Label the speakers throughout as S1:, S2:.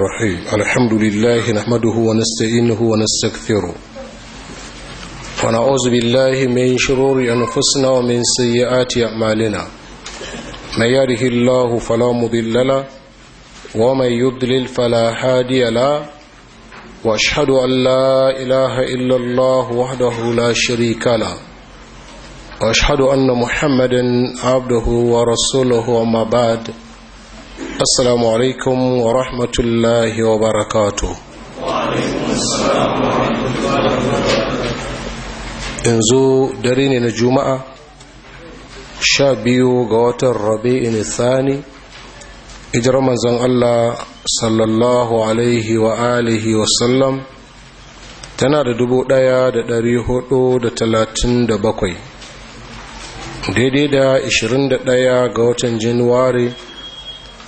S1: الرحيم الحمد لله نحمده ونستعينه ونستكثره ونعوذ بالله من شرور أنفسنا ومن سيئات أعمالنا من يره الله فلا مضل له ومن يضلل فلا هادي له واشهد ان لا اله الا الله وحده لا شريك له واشهد ان محمدا عبده ورسوله وما بعد asalamu alaikum wa rahmatullahi wa barakatu in wa dare ne na juma'a. Sha biyu ga watan rabi ina Sani. Ijar manzan Allah Sallallahu alaihi wa'alihi wa sallam. tana da dubu ɗaya da ɗari huɗu da talatin da bakwai. daidai da ashirin ɗaya ga watan januwari.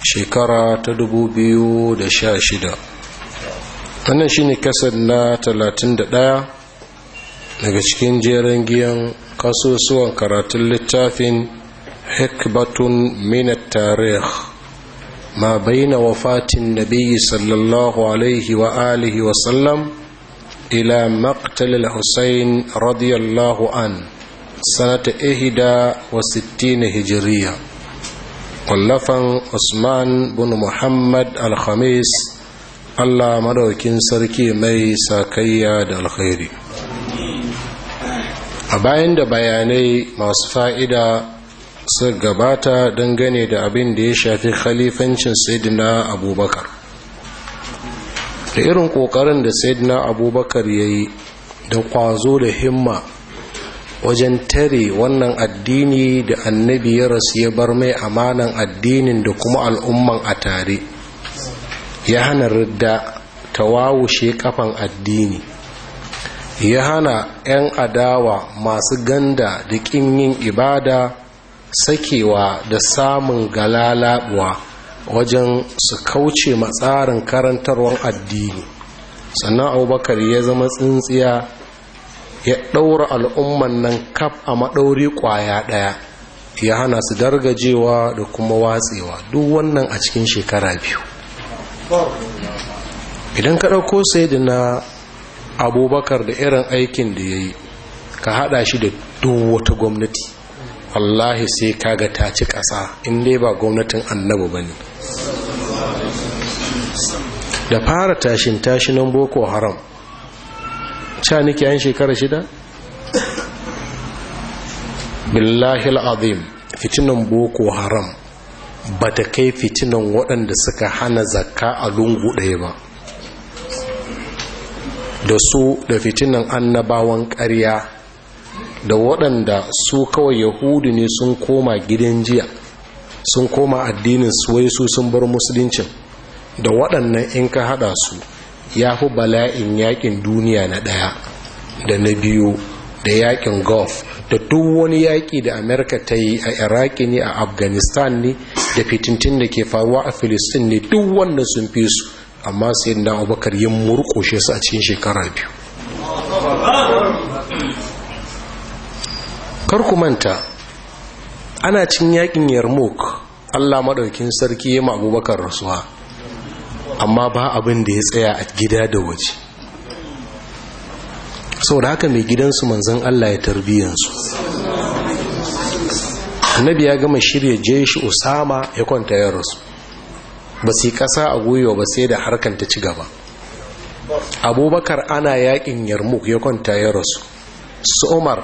S1: shekara ta dubu biyu da sha shida. wannan shine kasar na talatin da ɗaya daga cikin jerin giyan kasusuwan karatun littafin hikbatun minat tarih ma baina wafatin nabi sallallahu alaihi wa alihi wa sallam ila maqtal al-husayn radiyallahu an sanata ihda wa sittina hijiriya kwallafan usman bin muhammad alhamis allah madaukin sarki mai sakayya da alkhairi a bayan da bayanai masu fa'ida su gabata dangane da abin da ya shafi khalifancin saidina abubakar da irin ƙoƙarin da saidina abubakar ya yi da ƙwazo da himma wajen tare wannan addini da annabi ya rasu ya bar mai amanan addinin da kuma al'umman a tare ya hana ridda tawawushe kafan addini ya hana 'yan adawa masu ganda da ƙin yin ibada sakewa da samun galalabuwa wajen su kauce matsarin karantarwar addini sannan abubakar ya zama tsintsiya ya ɗaura al'umman nan kaf a maɗauri ƙwaya ɗaya ya hana su dargajewa da kuma watsewa duk wannan a cikin shekara biyu idan ka ɗauko sai na abubakar da irin aikin da ya yi ka haɗa shi da duk wata gwamnati wallahi sai kaga ta ci ƙasa in dai ba gwamnatin annabu ba ne da fara tashin tashinan boko haram sha nake yan shekara shida billahi al'azim fitinan boko haram ba ta kai fitinan waɗanda suka hana zakka a lungu ɗaya ba da su da fitinan annabawan ƙarya da waɗanda su kawai yahudu ne sun koma gidan jiya sun koma addinin su wai su sun bar musuluncin da waɗannan in ka haɗa su ya fi bala'in yakin duniya na ɗaya da na biyu da yakin gulf da duk wani yaƙi da amerika ta yi a iraki ne a afghanistan ne da fitintin da ke faruwa a filistin ne duk wannan sun fi su amma sai na abokar yin murƙushe su a cikin shekara biyu ku manta ana cin yaƙin yarmouk allah maɗaukin sarki ya ma abubakar rasuwa amma ba abin da ya tsaya a gida da waje sau da haka mai gidansu manzan Allah ya tarbiyyansu annabi ya gama shirya jeshi usama ya kwanta ya rasu ba su yi ƙasa a gwiwa ba sai da harkar ta ci gaba abubakar ana yakin yarmuk ya kwanta ya rasu su umar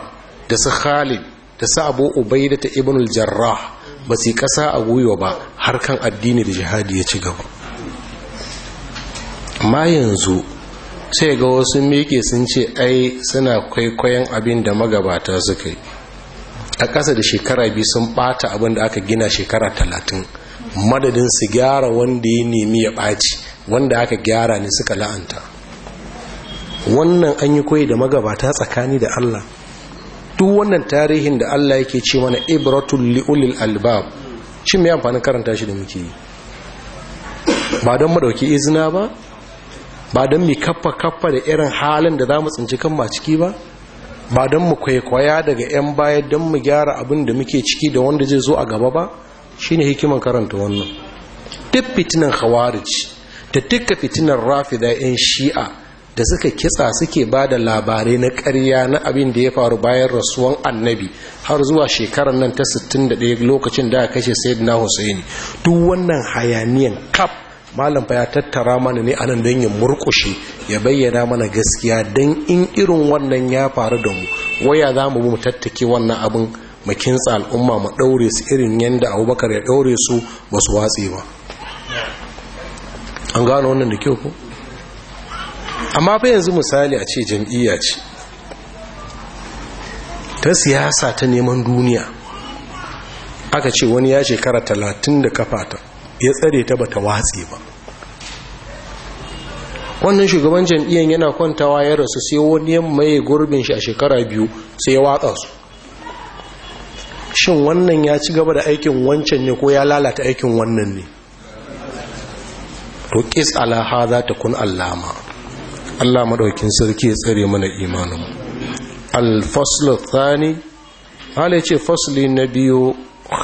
S1: da su khalid da su abu da ta ibn jarrah ba su yi ƙasa a gwiwa ba harkar addini da jihadi ya ci gaba amma yanzu sai ga wasu miƙe sun ce ai suna kwaikwayon abin da magabata suka yi a ƙasa da shekara biyu sun ɓata abin da aka gina shekara talatin madadin su gyara wanda ya nemi ya ɓaci wanda aka gyara ne suka la'anta wannan an yi koyi da magabata tsakani da allah duk wannan tarihin da allah yake ce mana ibratul li'ulil albab shi mai amfanin karanta shi da muke yi ba don madauki izina ba ba don mu kafa kafa da irin halin da za mu tsinci kan ma ciki ba ba don mu kwaikwaya daga 'yan baya don mu gyara abin da muke ciki da wanda zai zo a gaba ba shine hikiman karanta wannan duk fitinan khawarij da duka fitinan rafida 'yan shi'a da suka kitsa suke ba da labarai na ƙarya na abin da ya faru bayan rasuwan annabi har zuwa shekarar nan ta 61 lokacin da aka kashe sayyidina husaini duk wannan hayaniyan kaf malam fa ya tattara mana ne anan don ya murkushe ya bayyana mana gaskiya don in irin wannan ya faru da mu waya za mu mu tattake wannan abin makin kintsa al'umma mu ɗaure su irin yadda abubakar ya ɗaure su ba su watse ba an gano wannan da kyau ko amma fa yanzu misali a ce jam'iyya ce ta siyasa ta neman duniya aka ce wani ya shekara talatin da kafata ya tsare ta bata watse ba wannan shugaban jam'iyyar yana kwantawa ya rasu sai wani ya gurbin shi a shekara biyu sai ya watsa su shin wannan ya ci gaba da aikin wancan ne ko ya lalata aikin wannan ne to kis alaha za ta kun allama allah maɗaukin sarki ya tsare mana imanin alfaslu tsani hala ce fasli na biyu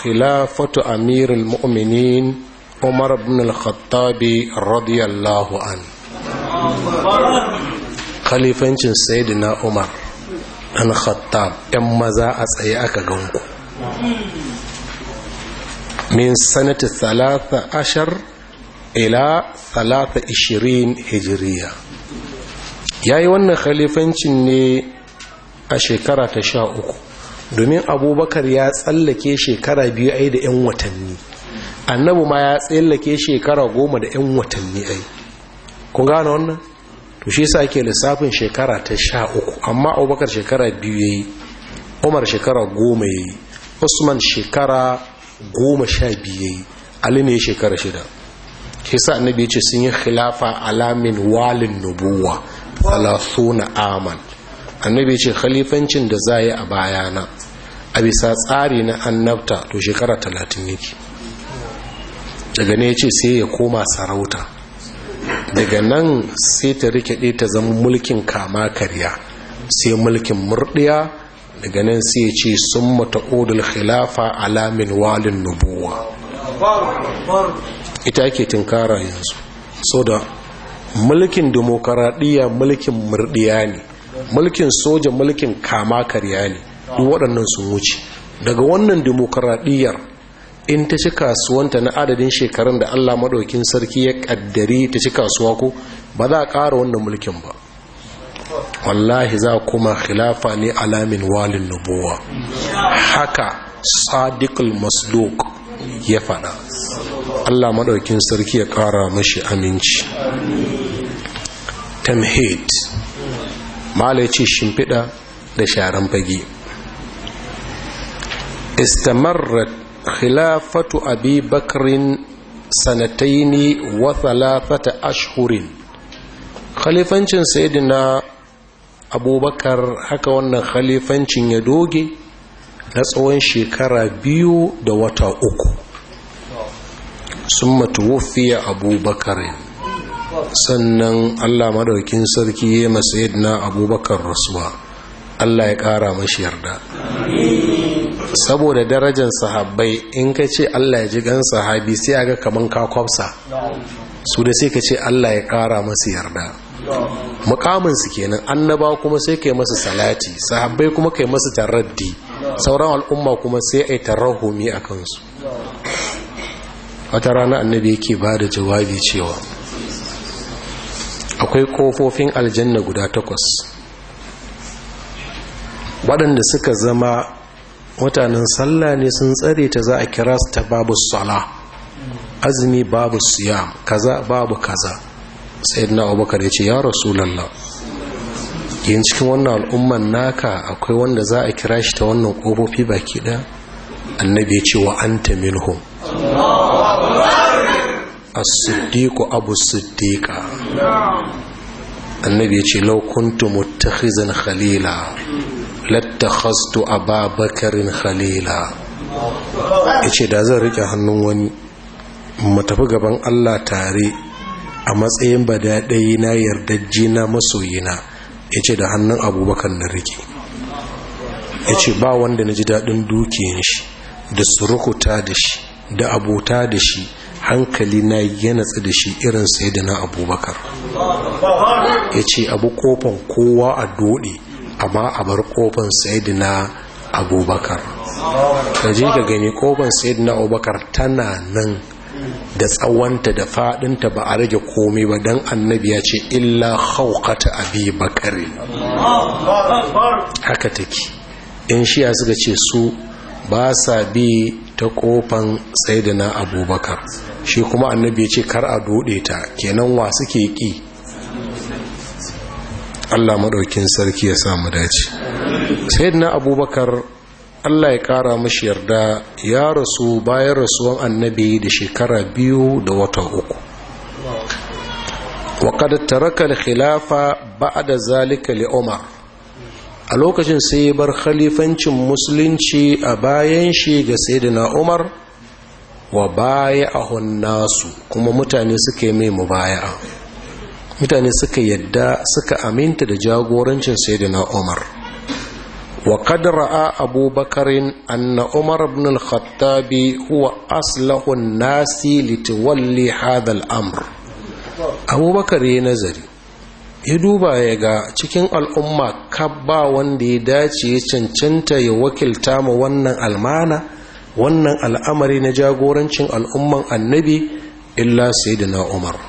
S1: khilafatu amirul mu'minin umar ibn al-khattabi radiyallahu anhu khalifancin sayyidina umar dan khattab yan maza a tsaye aka ganku min sanata talata ashar ila talata ishirin hijiriya ya yi wannan khalifancin ne a shekara ta sha uku domin abubakar ya tsallake shekara biyu ai da 'yan watanni annabu ma ya tsallake shekara goma da 'yan watanni ai Ku gane wannan to shi yasa ake lissafin shekara ta sha uku amma abubakar shekara biyu ya yi umar shekara goma ya yi usman shekara goma sha biyu ya yi ali ne shekara shida shi yasa annabi ya ce sun yi khilafa alamin walin nubuwa suna aman annabi ya ce khalifancin da za yi a bayana a bisa tsari na annabta to shekara talatin yake daga ne ya ce sai ya koma sarauta daga nan sai ta rikide ta zama mulkin kama karya sai mulkin murdiya daga nan sai ya ce sun mata odul khilafa alamin walin nubuwa ita ke tinkara yanzu so da mulkin demokaradiyya mulkin murdiya ne mulkin soja mulkin kama karya ne duk waɗannan sun wuce daga wannan demokaradiyyar in ta ci kasuwanta na adadin shekarun da Allah maɗaukin sarki ya ƙaddari ta ci kasuwa ku, ba za a ƙara wannan mulkin ba wallahi za kuma khilafa ne alamin walin nubuwa haka sadiqul masduq ya faɗa Allah maɗaukin sarki ya ƙara mashi aminci tamhid malaci shimfiɗa da sharan fage istamarrat khilafatu Abibakarin bakrin sanataini wa thalathata ashhurin khalifancin sayyidina abubakar haka wannan khalifancin ya doge na tsawon shekara biyu da wata uku sun matuwafiya abubakarin sannan allah madaukin sarki ya masu na abubakar rasuwa allah ya kara mashi yarda saboda darajar sahabbai in ka ce Allah ya ji gan sahabi sai a ga kamar kakwabsa su da sai ka ce Allah ya kara masu yarda mukaminsu kenan annaba kuma sai ka yi masu salati sahabbai kuma yi masu taraddi sauran al'umma kuma sai ai tarahumi a kansu wata rana annabi yake ba da jawabi cewa akwai kofofin aljanna guda takwas waɗanda suka zama mutanen sallah ne sun tsare ta za a kira su ta babu sala azumi babu siyam kaza babu kaza na abubakar ya ce ya rasulullah yin cikin wannan al'umman naka akwai wanda za a kira shi ta wannan ƙofofi baki ɗaya annabi ya ce wa an ta minhum as-siddiqu abu siddiqa annabi ya ce law kuntum muttakhizan khalila lattakhastu ababakarin khalila yace da zan rike hannun wani mu tafi gaban Allah tare a matsayin ba na yardajji na masoyina yace da hannun abubakar na rike yace ba wanda na ji daɗin dukiyan shi da surukuta da shi da abota da shi hankali na ya natsu da shi irin sai da na abubakar ya ce abu kofan kowa a dode amma a bar kofan sayidina abubakar ka ji ka gani kofan sayidina abubakar tana nan da tsawonta da fadinta ba a rage komai ba don annabi ya ce illa haukata abi bakari haka take in shiya suka ce su ba sa bi ta kofan sayidina abubakar shi kuma annabi ya ce kar a dode ta kenan wa suke ki Allah maɗaukin sarki ya samu dace sayyidina abubakar Allah ya ƙara mashi yarda ya rasu bayan rasuwan annabi da shekara biyu da wata uku waƙad taraka khilafa ba'da zalika li umar a lokacin sai bar khalifancin musulunci a bayan shi ga sayyidina umar wa baya nasu kuma mutane suke mai mubaya'a mutane suka yadda suka aminta da jagorancin sayyidina umar wa qad ra'a abubakar anna umar ibn al-khattab huwa aslahu an-nasi litawalli hadha al-amr abubakar ya nazari ya duba ya ga cikin al'umma kabba wanda ya dace ya cancanta ya wakilta ma wannan almana wannan al'amari na jagorancin al'umman annabi illa sayyidina umar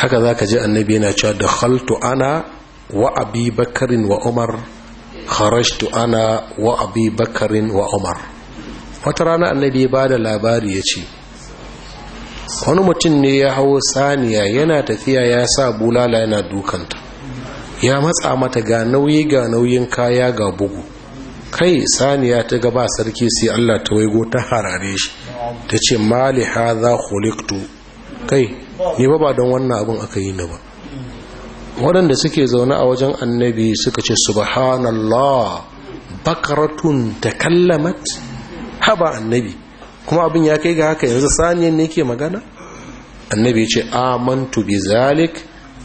S1: haka za ka ji annabi yana cewa da khaltu ana wa abi bakarin wa umar kharashtu ana wa abi bakarin wa umar wata rana annabi ya ba da labari ya ce wani mutum ne ya hau saniya yana tafiya ya sa bulala yana dukanta ya matsa mata ga nauyi ga nauyin kaya ga bugu kai saniya ta gaba sarki sai allah ta waigo ta harare shi ta ce mali haza khuliqtu kai ni ba ba don wannan abin aka yi na ba waɗanda suke zaune a wajen annabi suka ce subhanallah bakaratun kallamat. haba annabi kuma abin ya kai ga haka yanzu saniyan ne ke magana annabi ce amantu bi zalik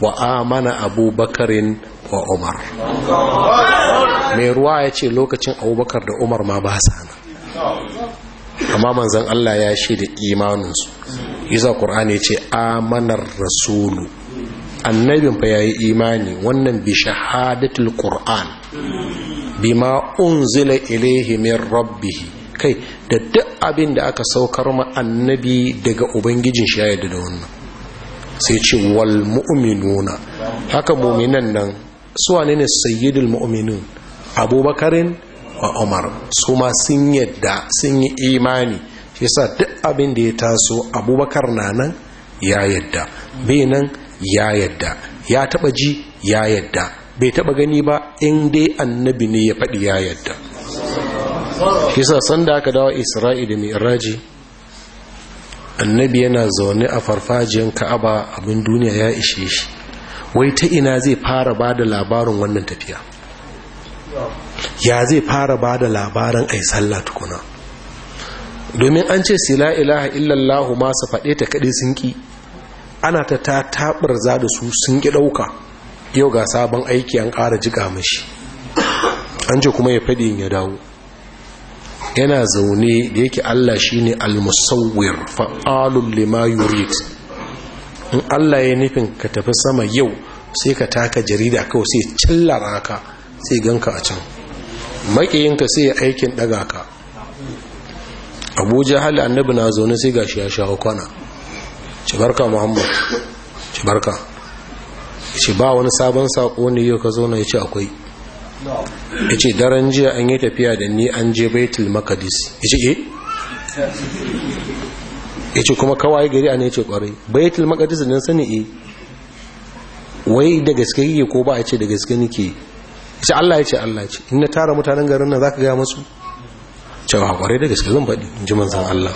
S1: wa amana abubakarin wa umar mai ruwa ya ce lokacin abubakar da umar ma ba sana amma manzan Allah ya da imaninsu isa ƙur'ani ya ce amanar rasulu annabin fa yayi imani wannan bi shahadatul qur'an bima unzila ilayhi min rabbih kai da duk abin da aka saukar ma annabi daga ubangijin shi ya da wannan sai ce wal mu'minuna haka mu'minan nan su wane ne sayyidul mu'minin abubakarin umar su ma sun yadda sun yi imani shi sa duk abin da ya taso abubakar na nan ya yadda bai nan ya yadda ya taba ji ya yadda bai taba gani ba in dai annabi ne ya faɗi ya yadda shi sa sanda aka dawo isra'ila mai iraji annabi yana zaune a farfajiyar ka'aba abin duniya ya ishe shi wai ta ina zai fara ba da labarin wannan tafiya ya zai fara ba da labarin ai sallah tukuna domin an ce sila ilaha illallahu masu su faɗe ta kaɗai sun ƙi ana ta ta taɓar za da su sun ƙi ɗauka yau ga sabon aiki an ƙara jiƙa mashi an ce kuma ya faɗi ya dawo yana zaune da yake Allah shi ne musawwir fa’alun lima yurid in Allah ya nufin ka tafi sama yau sai ka taka jarida kawai sai cillara laraka sai ganka a can maƙiyinka sai aikin ɗaga ka abu hali annabi na zaune sai gashi ya shawo kwana ci barka muhammad ci barka ce ba wani sabon saƙo ne yau ka zauna ya ce akwai ya ce daren jiya an yi tafiya da ni an je baitul makadis ya ce eh ya ce kuma kawai gari a ne ce kwarai baitul makadis nan sani eh wai da gaske yi? ko ba a ce da gaske nike ce Allah ya ce Allah ce in na tara mutanen garin nan zaka gaya masu cewa kware da gaske zan faɗi in ji manzon Allah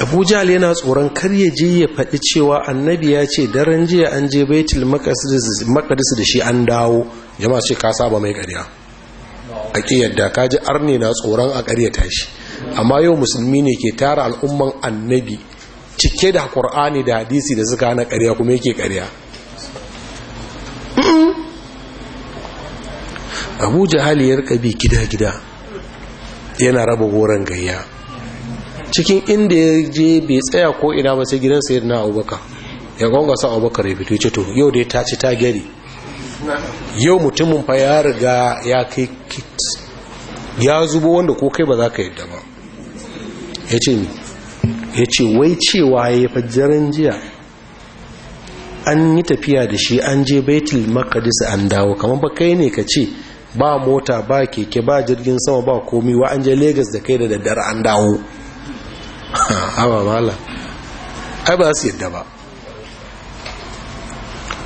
S1: Abu Jahl yana tsoron kar ya je ya faɗi cewa annabi ya ce daren jiya an je Baitul Maqdis da shi an dawo jama'a ce ka saba mai ƙarya a yadda ka ji arne na tsoron a ta shi amma yau musulmi ne ke tara al'umman annabi cike da Qur'ani da hadisi da suka hana ƙarya kuma yake ƙarya abu jahali ya rika bi gida-gida yana raba goron gayya cikin inda ya je bai tsaya ko ina ba sai gidan sayar na abubakar ya sa abubakar ya fito ce to yau da ya ci ta gari yau mutumin fa ya riga ya kai kit ya zubo wanda ko kai ba za ka yadda ba ya ce ya ce wai cewa ya fa fajjaren jiya an yi tafiya da shi an je baitul Makadisa an dawo kamar ba kai ne ka ce ba mota ba keke ba jirgin sama ba komi wa an je Legas da kai da daddare an dawo haba mala ai ba su yadda ba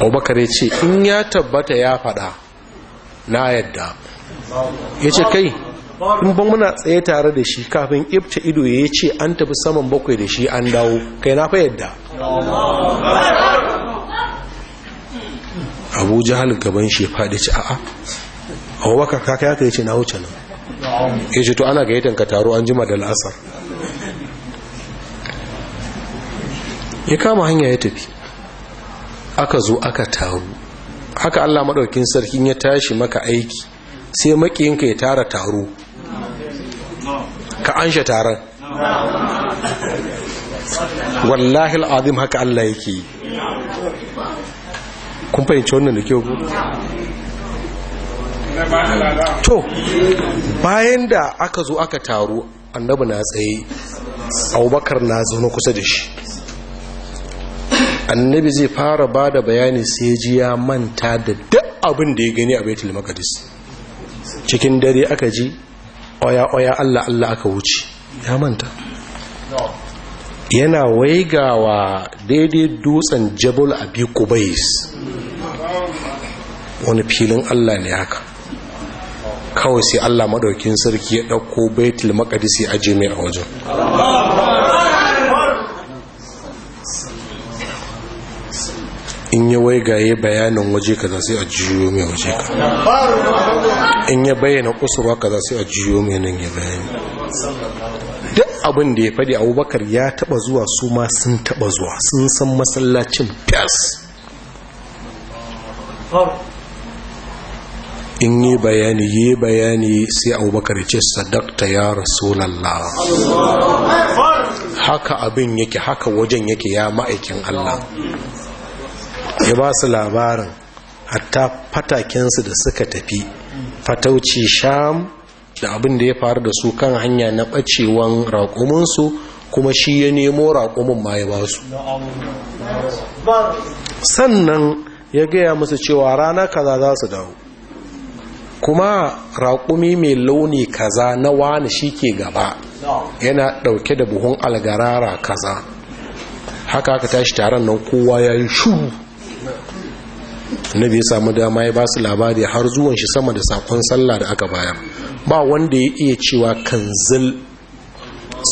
S1: abubakar ya ce in ya tabbata ya fada na yadda ya ce kai in ban muna tsaye tare da shi kafin ibta ido ya ce an tafi saman bakwai da shi an dawo kai na fa yadda abu jihar gaban shi faɗi ci a'a abubakar kaka ya ka ce na wuce nan ya ce to ana gaitan ka taro an jima da la'asar ya kama hanya ya tafi aka zo aka taru haka allah maɗaukin sarkin ya tashi maka aiki sai makiyinka ya tara taro ka ansha taron wallahi al'adim haka allah yake kun fahimci wannan da kyau to bayan da aka zo aka taru annabi na tsaye abubakar na zaune kusa da shi annabi zai fara ba da bayani sai ji ya manta da duk abin da ya gani a baitul Makadis. cikin dare aka ji oya oya Allah Allah aka wuce ya manta yana waigawa daidai dutsen jabal abi kubais wani filin Allah ne haka kawai sai Allah madaukin sarki ya dauko baitul maqdis a jimi a wajen in ya waigaye bayanin waje ka sai a jiyo mai waje ka in ya bayyana kusurwa ka sai a jiyo mai nan ya bayani duk abin da ya fadi abubakar ya taba zuwa su ma sun taba zuwa sun san masallacin pers in yi bayani yi bayani sai abubakar ce sadakta ya rasulallah haka abin yake haka wajen yake ya ma'aikin Allah ya ba su labarin hatta fatakensu da suka tafi fatauci sham da abin da ya faru da su kan hanya na ɓacewan raƙuminsu kuma shi ya nemo raƙumin ma ya ba su sannan ya gaya musu cewa rana kaza za su dawo kuma raƙumi mai launi kaza na wani shi ke gaba yana ɗauke da buhun algarara kaza haka aka tashi taron nan kowa ya yi shu na bai samu dama ya ba su labari har zuwan shi sama da sakon sallah da aka bayan ba wanda ya iya cewa kanzil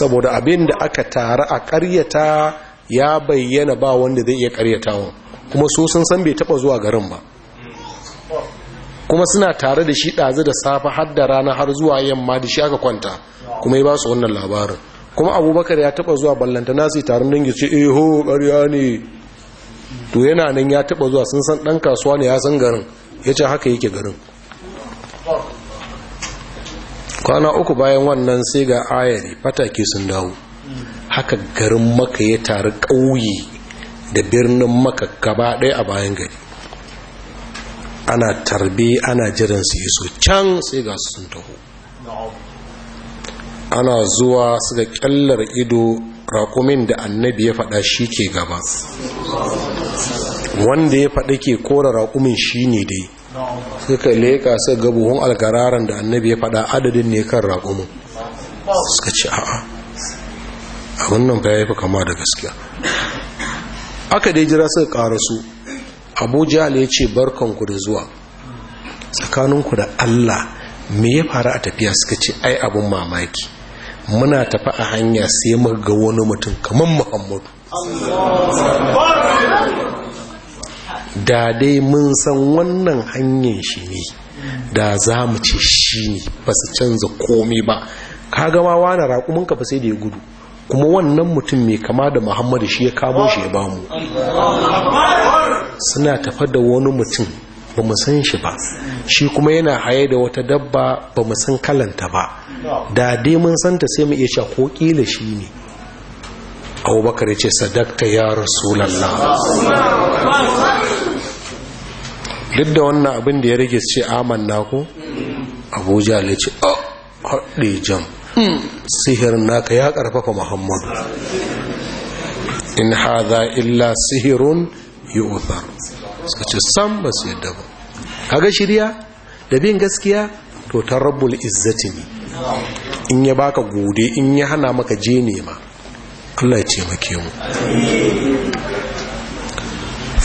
S1: saboda abin da aka tara a karyata ya bayyana ba wanda zai iya karyatawa kuma so sun san bai taɓa zuwa garin ba kuma suna tare da shi ɗazu da safe har da rana har zuwa yamma da shi aka kwanta kuma ya ba su wannan labarin kuma abubakar ya taɓa zuwa ballanta na sai taron dangi ce eho ƙarya ne to yana nan ya taɓa zuwa sun san ɗan kasuwa ne ya san garin ya ce haka yake garin kwana uku bayan wannan sai ga ayari fatake sun dawo haka garin maka ya taru ƙauye da birnin maka gaba ɗaya a bayan gari ana tarbi ana jiran su iso can sai ga sun taho ana zuwa suka kyallar ido rakumin da annabi ya faɗa shi ke gaba wanda ya faɗa ke kora rakumin shi ne dai suka leƙa su gabuhun algararan da annabi ya faɗa adadin ne kan raƙumin suka ce a'a a wannan ba ya fi kama da gaskiya aka dai jira suka ƙarasu abu jihal ya ce barkanku da zuwa tsakaninku da allah me ya faru a tafiya suka ce ai abin mamaki muna tafi a hanya sai muka ga wani mutum kamar muhammadu da dai mun san wannan hanyar shi ne da za mu ce shi ne ba su canza komi ba ka gama wani raƙuminka ba sai da ya gudu kuma wannan mutum mai kama da muhammadu shi ya kamo shi ya bamu suna tafa da wani mutum ba mu san shi ba shi kuma yana haye da wata dabba ba mu san kalanta ba da dai mun santa sai mu iya cewa ko kila shi ne abubakar ya ce sadakta ya rasulallah duk da wannan abin da ya rage su ce aman na ko abuja ya ce a oh, haɗe jam sihirin naka ya ƙarfafa muhammadu in haza illa sihirun yi uthar suka ce sam ba su yadda ba kaga shirya da bin gaskiya to ta izzati ne in ya baka gode in ya hana maka je ma. Allah ya ce make mu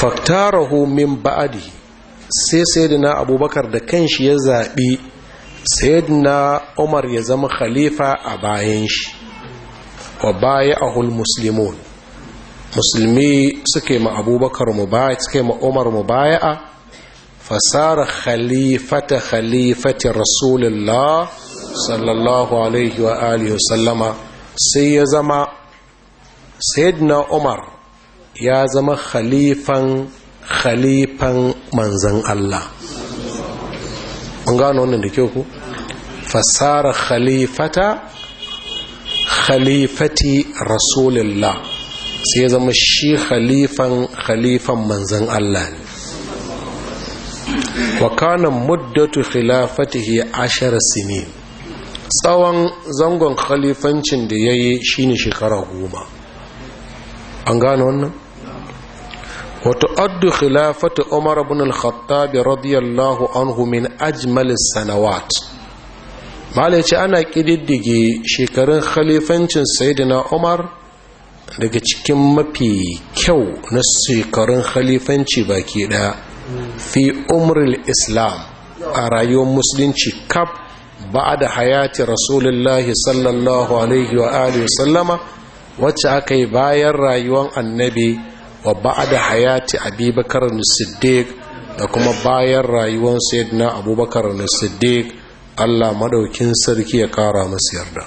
S1: faktarahu min ba'adi sai sayyidina abubakar da kanshi ya zabi sayyidina umar ya zama khalifa a bayan shi wa baya ahul muslimun musulmi suke ma abubakar mubaya suke ma umar a fasara khalifata khalifati rasulullah sallallahu alaihi wa alihi sallama sai ya zama sayyidina umar ya zama khalifan khalifan manzan Allah an gano wannan da kyau ku fasara khalifata khalifati rasulullah sai ya zama shi khalifan khalifan manzan Allah ne wakanan muddatu khilafatihi ashar sinin tsawon zangon khalifancin da yayi ne shekara goma an gano wannan wato addu khilafatu umar ibn al-khattab radiyallahu anhu min ajmal sanawat malai ce ana kididdige shekarun khalifancin sayyidina umar daga cikin mafi kyau na shekarun khalifanci baki ɗaya fi umril islam a rayuwar musulunci kaf ba da hayati rasulullahi sallallahu alaihi wa alihi sallama wacce aka yi bayan rayuwar annabi wa ba da hayati abubakar siddiq da kuma bayan rayuwar sayyidina abubakar siddiq allah madaukin sarki ya kara masu yarda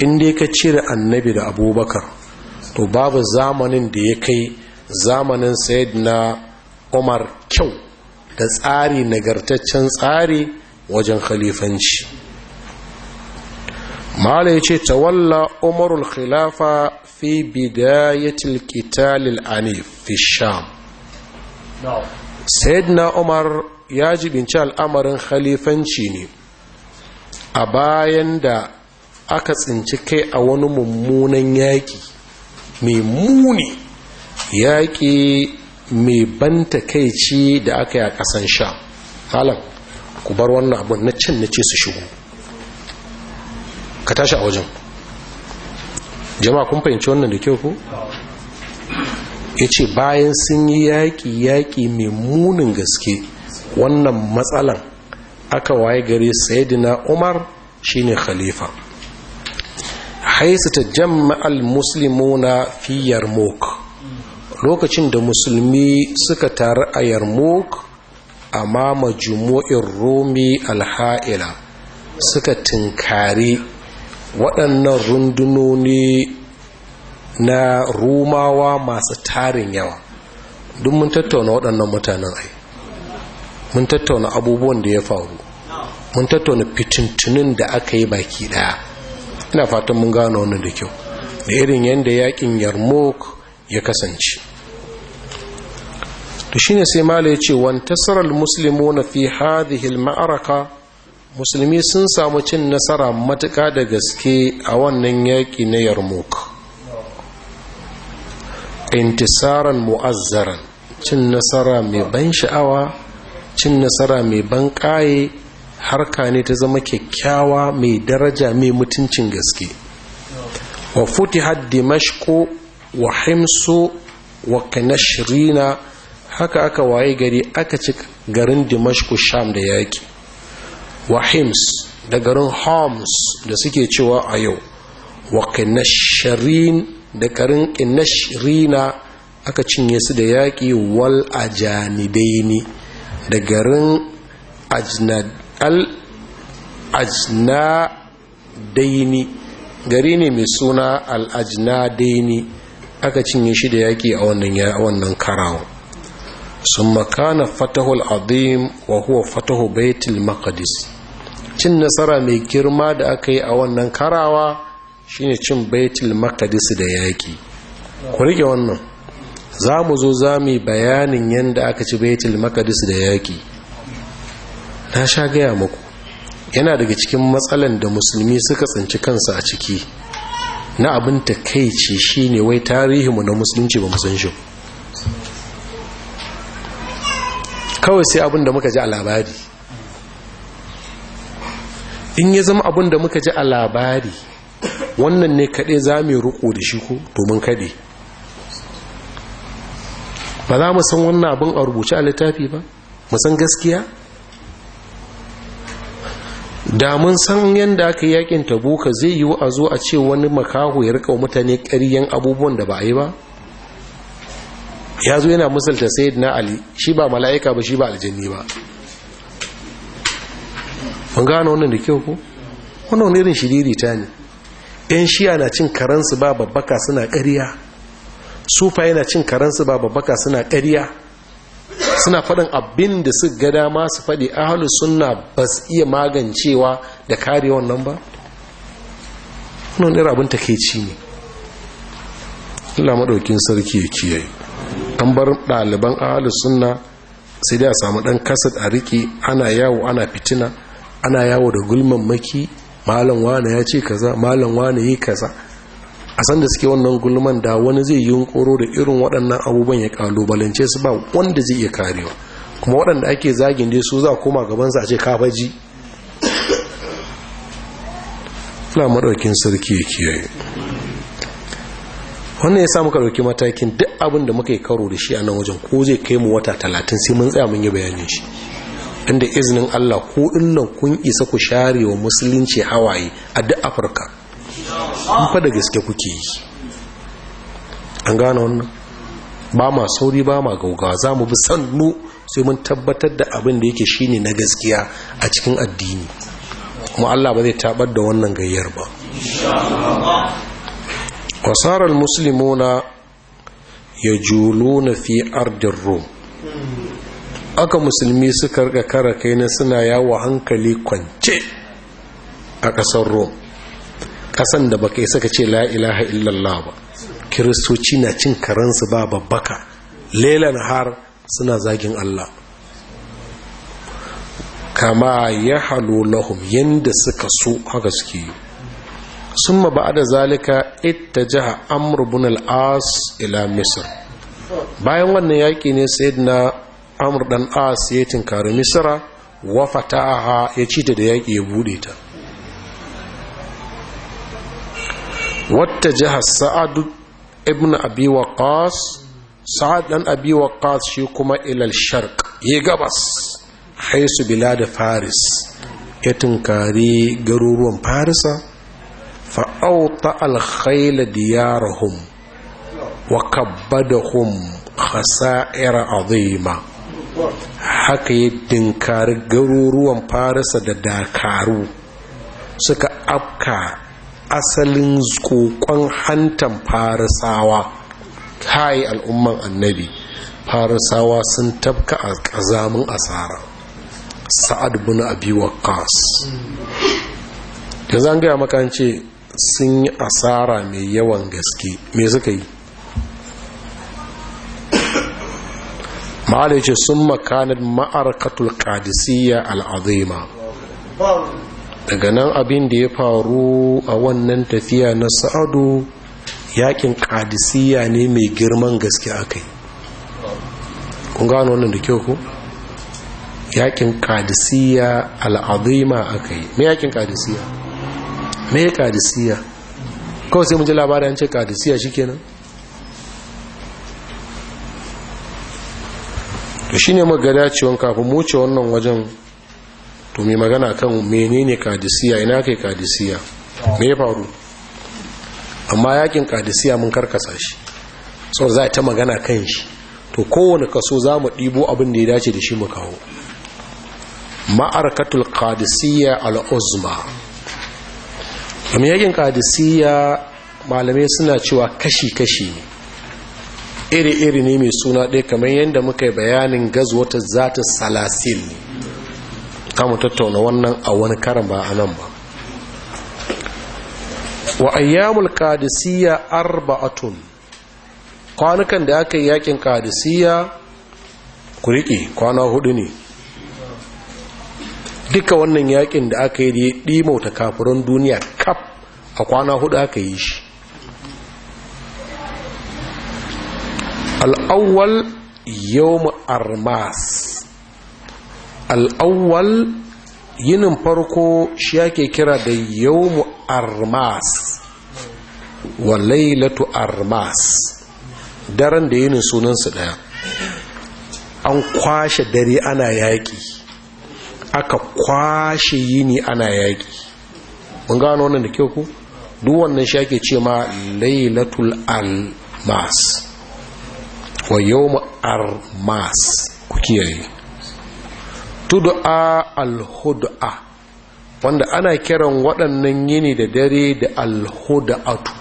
S1: in dai ka cire annabi da abubakar to babu zamanin da ya kai zamanin sayid na umar kyau da tsari nagartaccen tsari wajen khalifanci mala ya ce tawalla umarul khilafa fi bidayatul qitalil anif fi sham na umar ya jibinci al'amarin khalifanci ne a bayan da aka tsinci kai a wani mummunan yaƙi mai muni yaƙi mai banta kai ci da aka yi a ƙasan sha halan ku bar wannan abin na cin na ce su shigo ka tashi a wajen jama'a kun fahimci wannan da kyau ku ya ce bayan sun yi yaƙi yaƙi mai munin gaske wannan matsalan aka waye gare sayidina umar shine khalifa haisu ta jama'al muslimuna fi yarmouk lokacin da musulmi suka taru a yarmouk a mama jumu'in romi alha'ila suka tinkari waɗannan rundunoni na rumawa masu tarin yawa duk mun tattauna waɗannan mutanen ai mun tattauna abubuwan da ya faru mun tattauna fitintunin da aka yi baki ɗaya ina fatan mun gano wani da kyau da irin yadda yakin yarmouk ya kasance to shine sai mala ya ce wantasarar muslimuna fi hadhihi ma'araka musulmi sun samu cin nasara matuka da gaske a wannan yaƙi na yarmouk intisaran mu'azzaran cin nasara mai ban sha'awa cin nasara mai ban ƙaye harka ne ta zama kyakkyawa mai daraja mai mutuncin gaske wa futi haddi dimashqu wa himsu wa kanashirina haka aka waye gari aka ci garin dimashqu sham da yaki wa hims da garin homs da suke cewa a yau wa kanashirin da garin kanashirina aka cinye su da yaƙi wal ajanibaini da garin Ajnad. al ajna daini gari ne mai suna al ajna daini aka cinye shi da yaƙi a wannan karawa. karawo sun makana fatahul azim wa huwa fatahu baitul maqdis cin nasara mai girma da aka yi a wannan karawa shine cin baitul maqdis da yaƙi ku rike wannan za mu zo za mu bayanin yadda aka ci baitul maqdis da yaƙi na sha gaya muku yana daga cikin matsalan da musulmi suka tsinci kansa a ciki na abin ta shi shine wai tarihinmu na musulunci ba san shi kawai sai abin da muka ji a labari in ya zama abin da muka ji a labari wannan ne kaɗai za mu ruko da shi ko domin kaɗe ba za mu san wannan abin a rubuce a littafi ba mu san gaskiya da mun san yadda aka yakin tabuka zai yiwu a zo a ce wani makaho ya rika mutane ƙaryen abubuwan da ba a yi ba ya zo yana musulta sayid na ali shi ba mala'ika ba shi ba aljanni ba mun gano wannan da kyau ko wannan wani irin shiriri ta ne yan shiya na cin karansu ba babbaka suna ƙarya sufa yana cin karansu ba babbaka suna ƙarya suna faɗin abin da su ga dama su faɗi ahalu sunna ba su iya magancewa da kare wannan ba wannan irin abin takeici ne Allah maɗaukin sarki ya kiyaye an bar ɗaliban ahalu sunna sai a samu ɗan kasad a riƙe ana yawo ana fitina ana yawo da gulman maki malam wane ya ce kaza malam wane yi kaza a sanda da suke wannan gulman da wani zai yi yunkuro da irin waɗannan abubuwan ya kalubalance su ba wanda zai iya karewa kuma waɗanda ake zagin dai su za koma gabansa a ce kafaji na maɗaukin sarki ya kiyaye wannan ya samu ɗauki matakin duk abin da muka yi karo da shi a nan wajen ko zai kai mu wata talatin sai mun tsaya mun yi bayanin shi inda izinin allah ko illan kun isa ku share wa musulunci hawaye a duk afirka fa da gaske kuke yi an gane wannan ba ma sauri ba ma gaugawa za mu bi sannu sai mun tabbatar da abin da yake shine na gaskiya a cikin addini kuma Allah ba zai tabar da wannan gayyar ba wasarar musulmuna ya juluna fi ardin rum aka musulmi suka rika kara kaina suna yawo hankali kwance a ƙasar rome kasan da baka isa ka ce la ilaha illallah ba kiristoci na cin karansu ba babbaka lelan har suna zagin Allah kama ya halo lahum yadda suka so haka suke yi sun ma ba'ada zalika ita jiha amurbin al'as ila misir bayan wannan yaƙi ne sayid na amur ɗan as ya tinkari misira wafata ya ci da yaƙi ya buɗe ta wata jihar sa'adu ibn abi waqas sa'ad dan abi waqas shi kuma ilal sharq ya gabas haisu bila da faris ya tunkari garuruwan farisa fa'auta alkhaila diyarahum wa kabbadahum khasa'ira azima haka ya dinkari garuruwan farisa da dakaru suka afka asalin kokon hantan farisawa kai al'umman annabi farisawa sun tabka a ƙazamin asara sa'ad bin abi waqqas da zan gaya maka an ce sun yi asara mai yawan gaske me suka yi ma'ala ce sun makanar ma'arkatul qadisiyya al'azima daga nan abin da ya faru a wannan tafiya na sa'adu yakin kadisiya ne mai girman gaske yi kun gano wannan da kyau ku yakin kadisiya aka yi me yakin kadisiya me kadisiya kawai sai mun ji labarin an ce kadisiya shikenan to magada ciwon kafin muce wannan wajen to mai magana kan menene kadisiya ina kai kadisiya me ya faru amma yakin kadisiya mun karkasa shi sau za a ta magana kan shi to kowane kaso za mu ɗibo abin da ya dace da shi mu kawo ma'arkatul kadisiya al'uzma amma yakin kadisiya malamai suna cewa kashi-kashi ne iri-iri ne mai suna ɗaya kamar yadda muka yi bayanin wata zata salasil ne za mu tattauna wannan a wani karin ba a nan ba wa ayyamul qadisiyya arba'atun kwanukan da aka yi yakin qadisiyya ku riƙe kwana hudu ne duka wannan yakin da aka yi da ya ɗimauta kafirin duniya kaf a kwana hudu aka yi shi al'awwal yawm armas al'awwal yinin farko shi yake kira da yawon armas wa lailatu armas daren da yinin sunansu ɗaya an kwashe dare ana yaƙi aka kwashe yini ana yaƙi mun gano wannan da kyau ku duk wannan shi ake ce ma lailatul almas wa yawmu armas ku kiyaye tud'a al-hud'a wanda ana kiran waɗannan yini da dare da al-hud'atu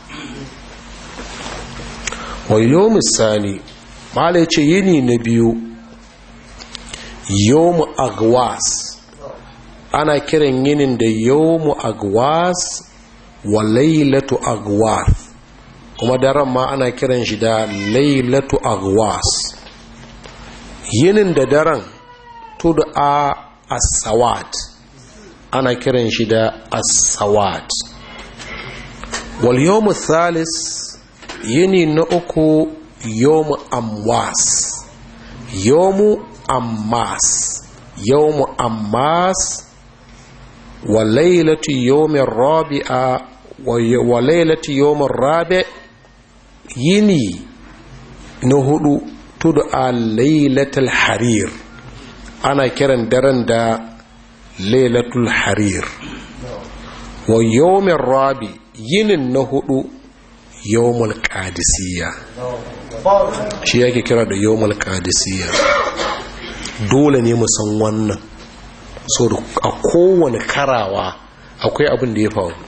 S1: wa misali mala yace yini na biyu yawm agwas ana kiran yinin da yawm agwas wa laylatu agwas kuma daren ma ana kiran shi da lailatu agwas yinin da daren tud'a as-sawat ana kiran shi da as-sawat wal yawm thalis yini na uku yawm amwas yawm ammas yawm ammas wa lailatu yawm rabi'a wa lailatu yawm rabi' yini na hudu tud'a lailatul harir ana kiran daren da lailatul harir wa yawmin rabi yinin na hudu yawmul qadisiyya shi yake kira da yawmul qadisiyya dole ne mu san wannan so a kowane karawa akwai abin da ya faru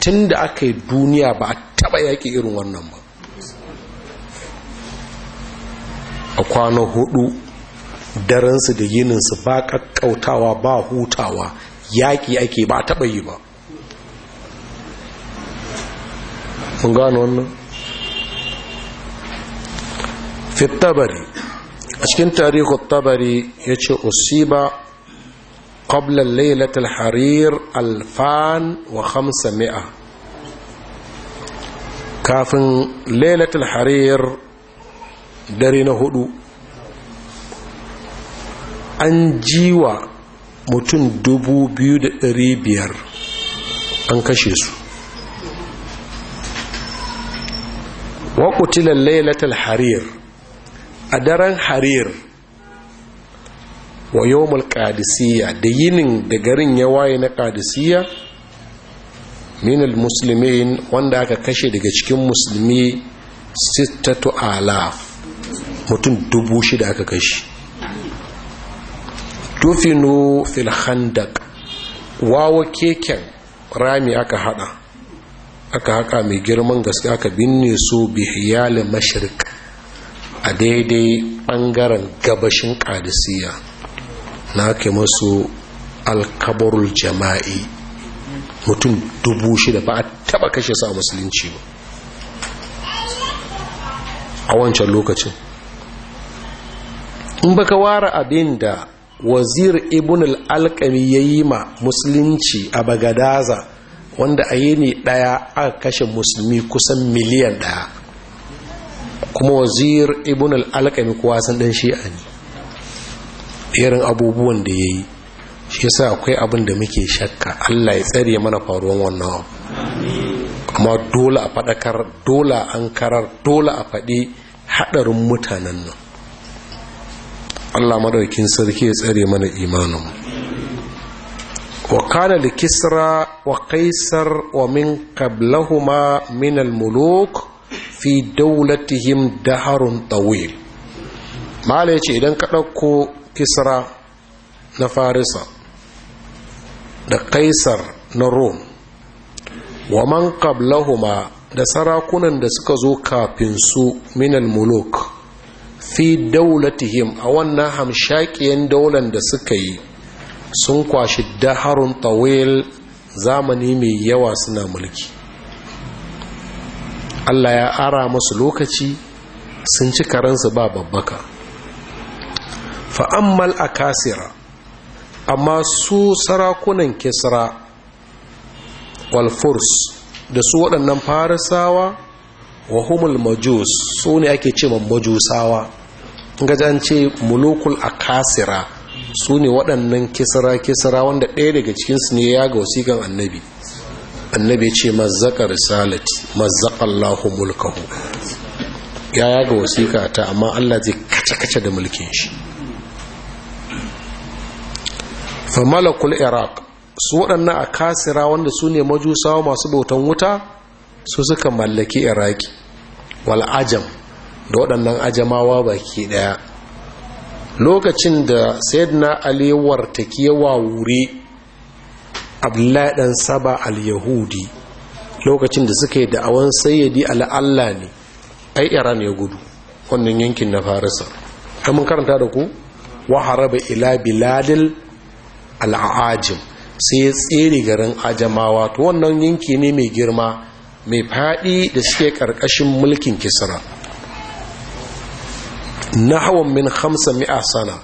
S1: tunda aka yi duniya ba a taba yaki irin wannan ba a kwana hudu daransu da yininsu ba kakkautawa ba hutawa yaƙi ake ba taɓa yi ba mun gano wannan fitabari a cikin tarihi tabari ya ce usiba qabla lailatul harir alfan wa hamsa mi'a kafin lailatul harir dare na hudu an ji wa mutum dubu biyu da dari biyar an kashe su waƙutilan lailatul harir a daren harir wa yawmul da yinin da garin ya waye na ƙadisiyya minal musulmin wanda aka kashe daga cikin musulmi sittatu ala mutum dubu shida aka kashe dufinu fil khandak wawo keken rami aka hada aka haka mai girman gaske aka binne su bihiyal mashrik a daidai bangaren gabashin kadisiya na ake masu alkabarul jama'i mutum dubu shida ba a taba kashe sa musulunci ba a wancan lokacin in baka ware abin da wazir ibn al ya yi ma musulunci a bagadaza wanda a yini ɗaya aka kashe musulmi kusan miliyan ɗaya kuma wazir ibn al-alqami kuwa san dan shi'a ne irin abubuwan da ya yi shi sa akwai abin da muke shakka Allah ya tsare mana faruwan wannan kuma dole a fadakar dole an karar dole a faɗi hadarin mutanen nan Allah maɗaukin sarki ya tsare mana imanin wa kana kisra wa Kaisar wa min kablahuma min al muluk fi daulatihim daharun tawil mala yace idan ka ɗauko kisra na farisa da Kaisar na rome wa man kablahuma da sarakunan da suka zo kafin su min al muluk fi daulatihim a wannan hamshakiyan daular da suka yi sun kwashi daharun tawil zamani mai yawa suna mulki Allah ya ara masu lokaci sun ci karansu ba babbaka fa'ammal a kasira amma su sarakunan kisra walfurs da su waɗannan farisawa wa humul majus su ne ake ce majusawa gajan ce mulukul akasira su ne waɗannan kisira-kisira wanda ɗaya daga cikinsu ne ya ga wasiƙan annabi annabi ya ce mazzaka risalati mazzaka allahu mulkahu ya ya ga wasiƙa ta amma allah zai kace-kace da mulkin shi fa malakul iraq su waɗannan akasira wanda su ne majusawa masu bautan wuta su suka mallaki iraki wal ajam da waɗannan ajamawa baki ɗaya lokacin da sayyidina ali wartaki ya wawure abdullahi ɗan saba al-yahudi lokacin da suka yi da'awan sayyadi Allah ne ai iran ya gudu wannan yankin na farisa mun karanta da ku haraba ila biladil al'ajim sai ya tsere garin ajamawa to wannan yanki ne mai girma mai faɗi da suke ƙarƙashin mulkin kisra na hawan min hamsa mi'a sana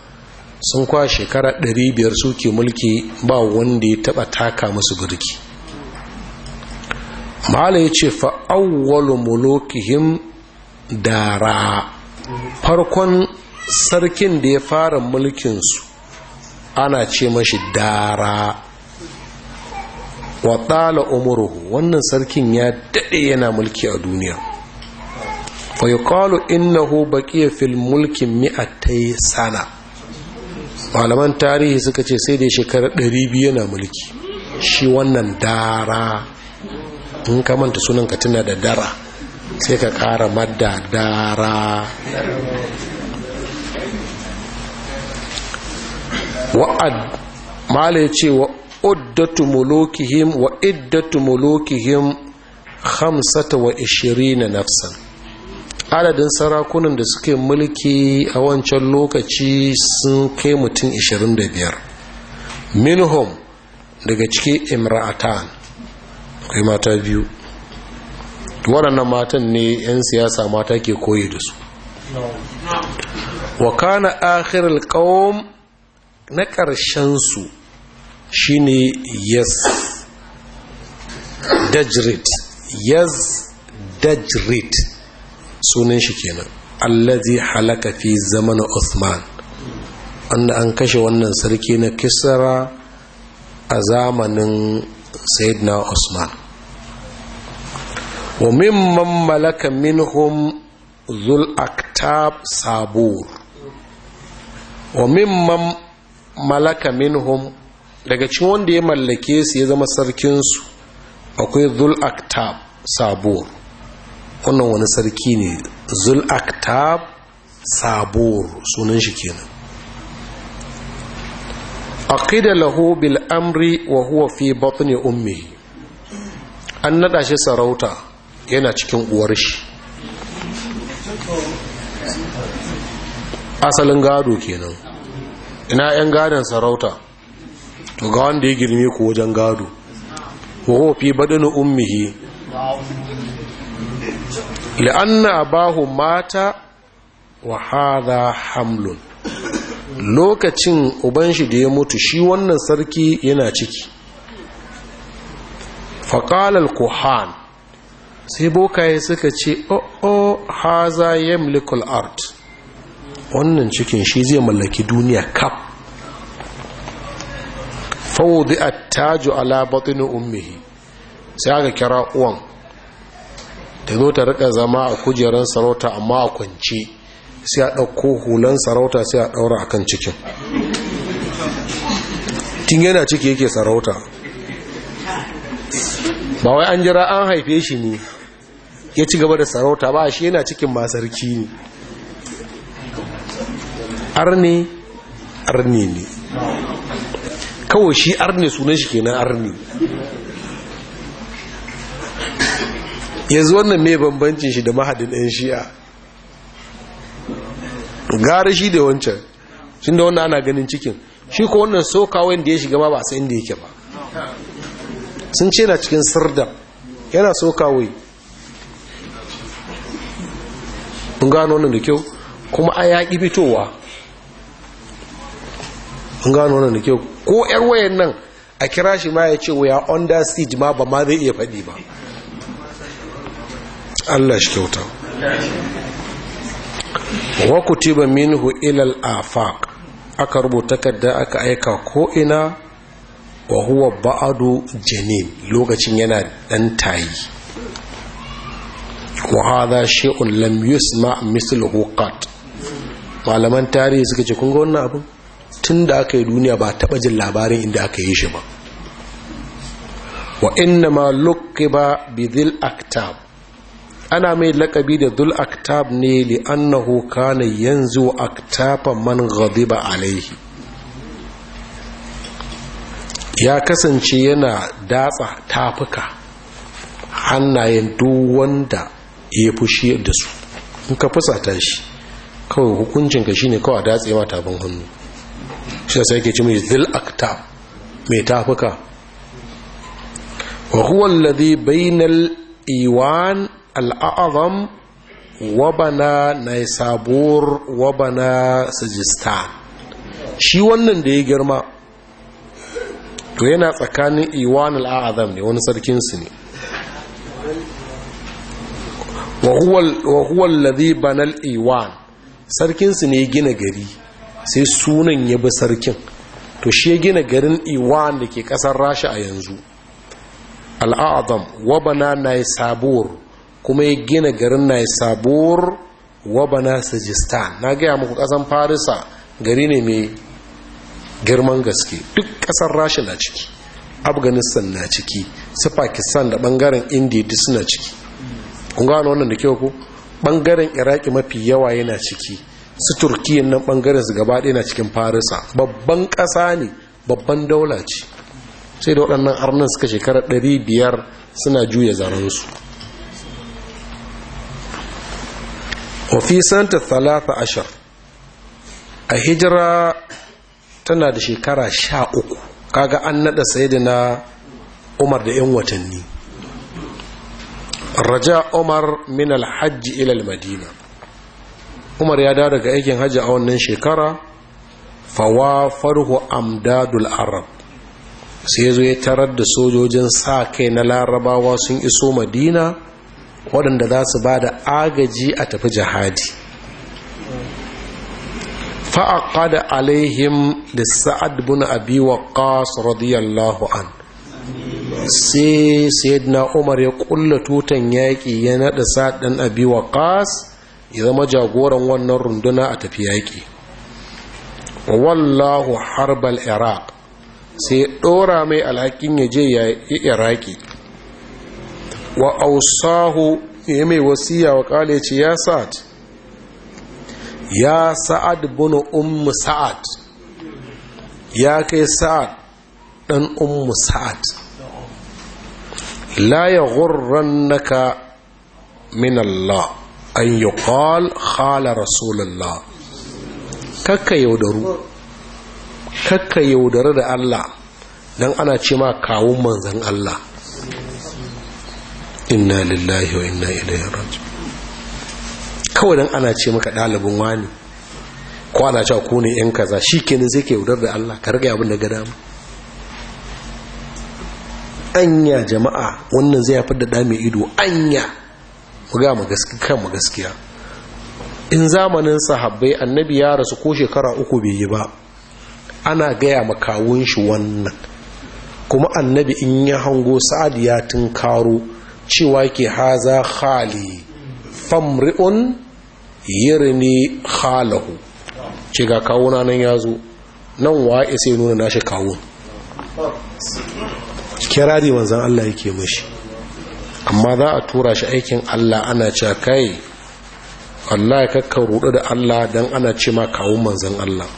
S1: sun kwa shekara 500 suke mulki ba wanda ya taɓa taka musu birki Malam ya ce fa'awwalu da dara farkon sarkin da ya fara mulkinsu ana ce mashi dara wa umuru wannan sarkin ya daɗe yana mulki a duniya fa yi kalu innahu baƙiya fil mulkin mi'attai sana malaman tarihi suka ce sai da shekarar ɗari biyu yana mulki shi wannan dara in ka manta sunan ka tuna da dara sai ka ƙara madda dara wa'ad mala ya ce uddatu mulukihim wa iddatu mulukihim khamsata wa ishirina nafsan adadin sarakunan da suke mulki a wancan lokaci sun kai mutum 25 minhum daga ciki imra'atan kai mata biyu waɗannan matan ne 'yan siyasa mata ke koyi da su wa kana akhir alqawm na ƙarshen su shine yes dajrit yes dajrit sunan shi kenan allazi halaka fi zaman Uthman wanda an kashe wannan sarki na Kisra a zamanin Sayyidina Usman wa mimman malaka minhum zul aktab sabur wa mimman malaka minhum daga cikin wanda ya mallake su ya zama sarkinsu akwai zul'aktab sabuwar wannan wani sarki ne zul'aktab sabuwar sunan shi kenan aqida lahu bil amri wa huwa fi batni ummihi an nada shi sarauta yana cikin uwar shi asalin gado kenan ina yan gadon sarauta to ga wanda ya girme ku wajen gado wa huwa fi badani ummihi li'anna abahu mata wa hadha hamlun lokacin uban shi da ya mutu shi wannan sarki yana ciki faƙalar kohan sai bokaye suka ce o'o oh, oh, haza yamlikul art wannan cikin shi zai mallaki duniya kaf fawdi a ala batni ummihi sai aka kira uwan ta zo ta rika zama a kujerar sarauta amma a kwance sai a ɗauko hulan sarauta sai a ɗaura a kan cikin tun yana ciki yake sarauta ba wai an jira an haife shi ne ya ci gaba da sarauta ba shi yana cikin masarki ne arni arni ne kawai shi arne sunan shi kenan arne yanzu wannan mai bambancin shi da mahadin ɗan shi'a gara shi da wancan shi da wannan ana ganin cikin shi ko wannan sokawai da ya shiga ma ba sai inda yake ba sun ce na cikin sirda yana sokawai mun gano wannan da kyau kuma a yaƙi fitowa mun gano wannan da kyau ko yar wayan nan a kira shi ma ya ce we under siege ma ba ma zai iya faɗi ba Allah shi kyauta wa kutiba minhu ilal afaq aka rubuta kadda aka aika ko ina wa huwa ba'adu janin lokacin yana ɗan tayi wa hadha shay'un lam yusma mithluhu qat malaman tarihi suka ce kun ga wannan abin tun da aka yi duniya ba taɓa jin labarin inda aka yi shi ba wa inna ma ba bi zil aktab ana mai lakabi da zul aktab ne li annahu kana yanzu aktafa man ghadiba alaihi ya kasance yana datsa tafuka hannayen duk wanda ya fushi da su in ka fusata shi kawai hukuncinka ne kawai datse ma tafin hannu shi sai yake ci mai zil akta mai tafuka wa huwa bainal iwan al'azam wa bana sabuwar wa bana sajistan shi wannan da ya girma to yana tsakanin iwan al'azam ne wani sarkin su ne wa huwa alladhi banal iwan sarkin su ne gina gari sai sunan ya bi sarkin to shi ya gina garin iwan da ke kasar rasha a yanzu al'adam wabana na yi sabuwar kuma ya gina garin na yi sabuwar wabana sajistan na gaya muku kasan farisa gari ne mai girman gaske duk kasar rasha na ciki afghanistan na ciki su pakistan da bangaren india duk suna ciki kun gano wannan da kyau ko bangaren iraki mafi yawa yana ciki su turkiyan nan bangaren su gaba ɗaya na cikin farisa babban ƙasa ne babban daula ce sai da waɗannan arnan suka shekara 500 suna juya zaransu ofisan ta talata ashir, a hijira tana da shekara sha uku kaga an naɗa sai na umar da 'yan watanni raja umar min alhaji ilal madina umar ya dawo daga aikin hajji a wannan shekara fawa farhu amdadul arab sai zo ya tarar da sojojin sa kai na larabawa sun iso madina waɗanda za su ba da agaji a tafi jihadi da alaihim da sa'ad bin abi ƙasa radiyallahu an sai sayyidina umar ya ƙulla tutan yaƙi ya naɗa sa'ad ɗan abi ƙasa ya zama jagoran wannan runduna a tafiya yaƙi wallahu harbal iraq sai ɗora mai alhakin ya je ya yi iraki wa ausahu ya mai wasiya wa kale ce ya sa'ad ya sa'ad bunu ummu sa'ad ya kai sa'ad ɗan ummu sa'ad la ya gurran naka min Allah an yi ƙwal khala rasulullah kakka yaudaru kakka yaudaru da Allah don ana ce ma kawun manzan Allah inna lillahi wa inna ilayhi raju kawai don ana ce maka ɗalibin wani ko ana cewa ku ne yan kaza shi kenan zai ke yaudar da Allah ka riga abin da gada mu anya jama'a wannan zai haifar da ɗa ido anya Ku ga mu gaskiya kan mu gaskiya in zamanin sahabbai annabi ya rasu ko shekara uku bai yi ba ana gaya makawun shi wannan kuma annabi in ya hango sa'ad ya tunkaro cewa ke haza khali famri'un yirni khalahu ce ga kawuna nan ya zo nan wa ya sai nuna nashi kawun kirari manzan Allah yake mashi amma za a tura shi aikin Allah ana cewa kai wallahi kakka rudu da Allah dan ana ce ma kawun manzon Allah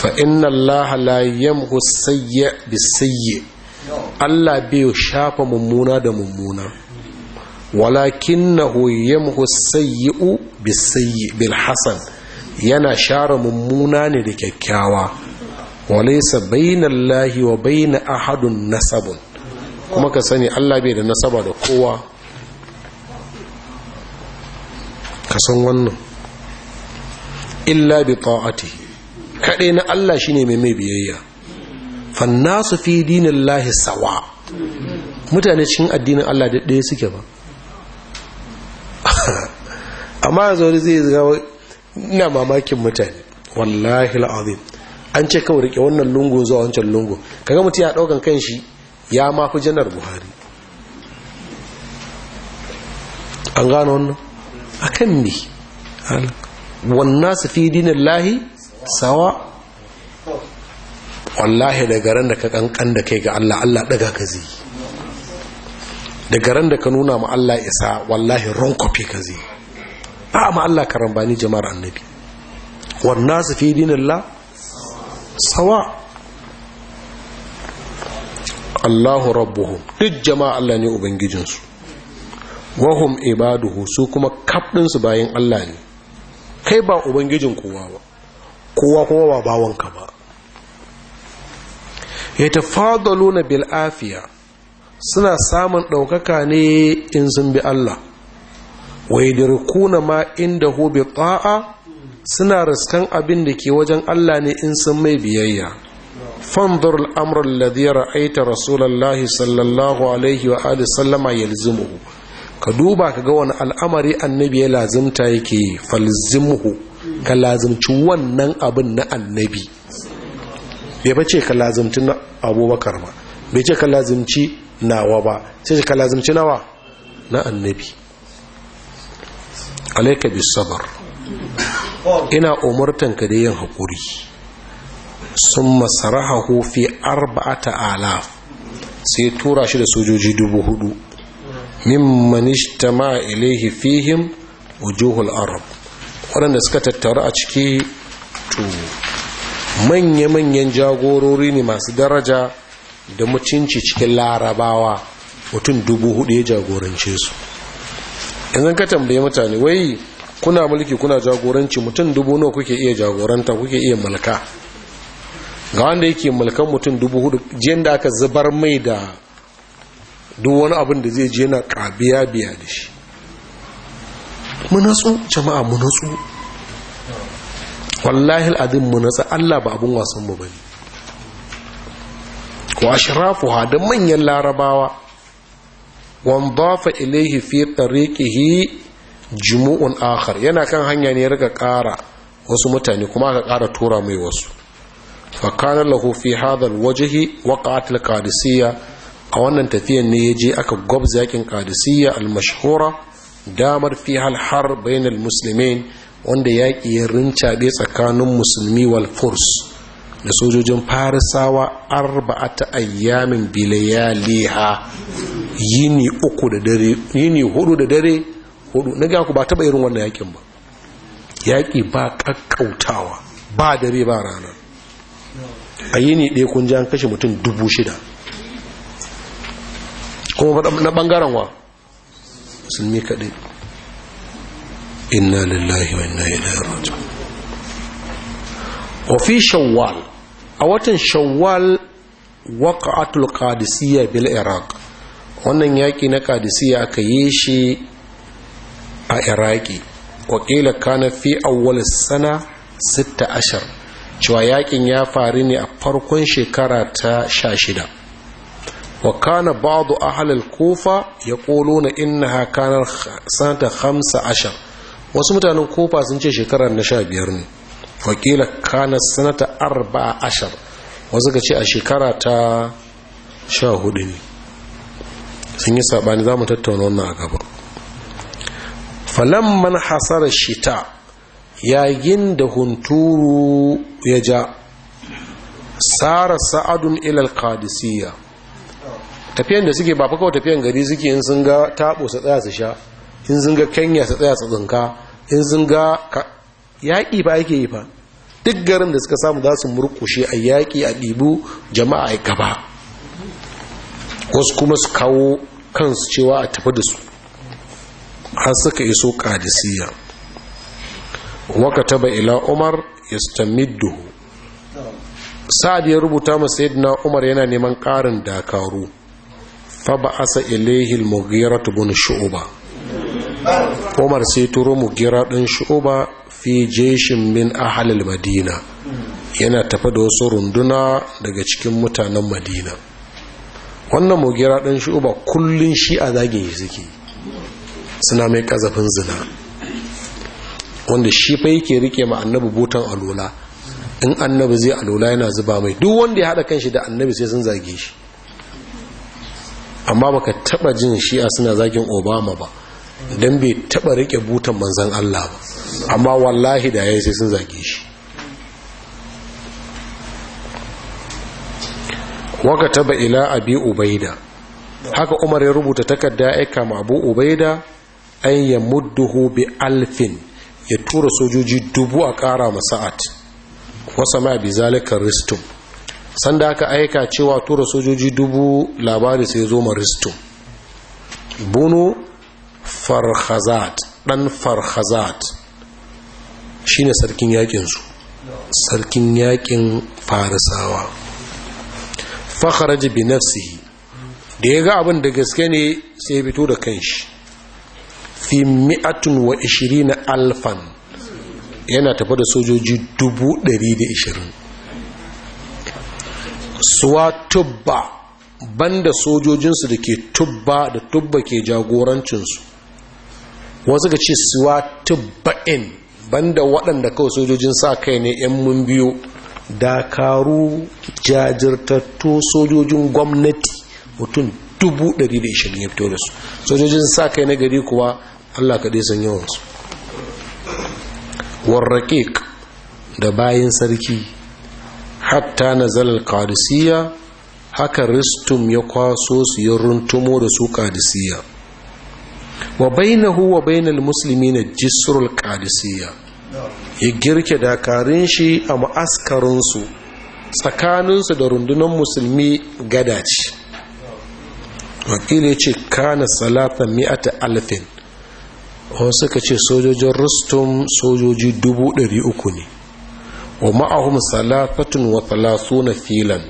S1: fa inna Allah la yamhu sayyi bisayyi Allah bai shafa mummuna da mummuna walakinahu yamhu sayyi'u bisayyi bil hasan yana share mummuna ne da kyakkyawa walaysa bainallahi wa bain ahadun nasabun kuma ka sani Allah bai da nasaba da kowa ka san wannan illa bi ta'atihi kaɗai na Allah shine mai mai biyayya nasu fi dinin lahi sawa mutane cikin addinin Allah da ɗaya suke ba amma yanzu wani zai zama ina mamakin mutane wallahi la'azim an ce kawai rike wannan lungu zuwa wancan lungu kaga mutum ya ɗaukan kan shi ya fi janar buhari an gano wannan a kan ne wannan su fi dinin lahi sawa wallahi daga ran da ka kankan da kai ga Allah Allah daga ka zai daga ran da ka nuna ma Allah isa wallahi kwafi ka zai ba ma Allah karambani jama'ar annabi wannan su fi dinin la sawa Allahu rabbuhu duk jama'a Allah ne ubangijinsu wahum ibaduhu su kuma kaɗinsu bayan Allah ne kai ba ubangijin kowa ba kowa kowa ba bawanka ba ya tafadalu bil afiya suna samun ɗaukaka ne in sun bi Allah da rukuna ma inda bi ta'a suna riskan abin da ke wajen Allah ne in sun mai biyayya فانظر الأمر الذي رأيت رسول الله صلى الله عليه وآله وسلم يلزمه كدوبا كغوان الأمر النبي لازم تايكي فلزمه كلازم تشوان أبن النبي bai bace ka lazimci na abubakar ba bai ka lazimci nawa ba sai ka lazimci nawa na annabi alaika bis sabr ina umurtanka da yin hakuri sun masarahahu fi arba'ata alaf sai tura shi da sojoji dubu hudu Min ishtama ilaihi fihim wujuhul arab waɗanda suka tattaru a ciki to manya-manyan jagorori ne masu daraja da mutunci cikin larabawa mutum dubu hudu ya jagorance su yanzu ka tambaye mutane wai kuna mulki kuna jagoranci mutum dubu nawa kuke iya jagoranta kuke iya mulka ga wanda yake mulkan mutum dubu hudu jiyan da aka zubar mai da duk wani abin da zai je na ƙabiya biya da shi munatsu jama'a munatsu wallahi al'adun munatsu allah ba abin wasan mu bane wa shirafu hadin manyan larabawa wambafa ilaihi fi tariqihi jumu'un akhar yana kan hanya ne ya rika ƙara wasu mutane kuma aka ƙara tura mai wasu fakana lahu fi hadal wajihi waqa'atul kadisiyya a wannan tafiyan ne ya je aka gwabza yakin qadisiyya al damar fi hal har bainal muslimin wanda yaƙi ya rincaɓe tsakanin musulmi walfurs. da sojojin farisawa arba'ata ayyamin bilayaliha yini uku da dare yini hudu da dare hudu na ga ba taɓa irin wannan yakin ba yaƙi ba kakkautawa ba dare ba rana a yi ne ɗaya kun ji an kashe mutum dubu shida kuma na ɓangaren wa mai kaɗai inna lillahi wa inna ilaihi raji'un wa fi shawwal a watan shawwal waqa'atul qadisiyya bil iraq wannan yaki na qadisiyya aka yi shi a iraki wakila kana fi awwal sana 16 cewa yakin ya faru ne a farkon shekara ta sha shida wa kana kofa ya kolo na ina hakanar sanata hamsa ashar wasu mutanen kofa sun ce shekarar na sha biyar ne wakila kanar sanata arba'a ashar wasu ka ce a shekara ta sha hudu ne sun yi saɓani za mu tattauna wannan a gaba falamman hasarar shita yayin da hunturu ya ja sara sa'adun ilal qadisiyya tafiyan da suke ba fa tafiyan gari suke in sun ga tabo su tsaya su sha in sun ga kanya su tsaya su tsinka in sun ga yaƙi ba yake yi fa duk garin da suka samu za su murkushe a yaƙi a ɗibu jama'a ya gaba wasu kuma su kawo kansu cewa a tafi da su har suka iso kadisiyya waka taba ila umar yastamiddu sa'ad ya rubuta ma na umar yana neman ƙarin dakaru fa ba'asa ilayhi al-mughira ibn shu'ba umar sai turo mughira din shu'ba fi jeshin min ahli al-madina yana tafa da wasu runduna daga cikin mutanen madina wannan mugira ɗan shuba kullun shi a zagin shi suna mai ƙazafin zina wanda shi fa yake rike ma annabi botan alola in annabi zai alola yana zuba mai duk wanda ya haɗa kanshi da annabi sai sun zage shi amma baka taba jin shi'a suna zagin obama ba don bai taba rike butan manzan allah ba amma wallahi da yayi sai sun zage shi waka taba ila abi ubaida haka umar ya rubuta takarda aika ma abu ubaida an ya bi alfin ya tura sojoji dubu a ƙara masa'at wasa ma bi ristum sanda aka aika cewa tura sojoji dubu labari sai zo ma ristum bunu farhazat dan farhazat shine sarkin yakin sarkin yakin farisawa fakharaji bi nafsihi da ya ga abin da gaske ne sai ya fito da kanshi fi mi'atun wa na alfan yana tafa da sojoji dubu ɗari da ishirin suwa tubba banda sojojinsu da ke tubba da tubba ke jagorancinsu wasu ga ce suwa ban banda waɗanda kawai sojojin sa kai ne 'yan mun biyu dakaru jajirtattu sojojin gwamnati mutum dubu ɗari da ya fito da su sojojin sa kai na gari kuwa allah kaɗai san yawansu warraƙiƙ da bayan sarki hatta na zalal kadisiya haka ristum ya kwaso su yi runtumo da su kadisiya wa bainahu wa bainal musulmi na jisrul kadisiya ya girke dakarun shi a ma'askarinsu tsakaninsu da rundunar musulmi gada ce wakili ce kana salata mi'ata alfin wani suka ce sojojin rustum sojoji dubu ɗari uku ne wa ma'ahum salatatun wa na filan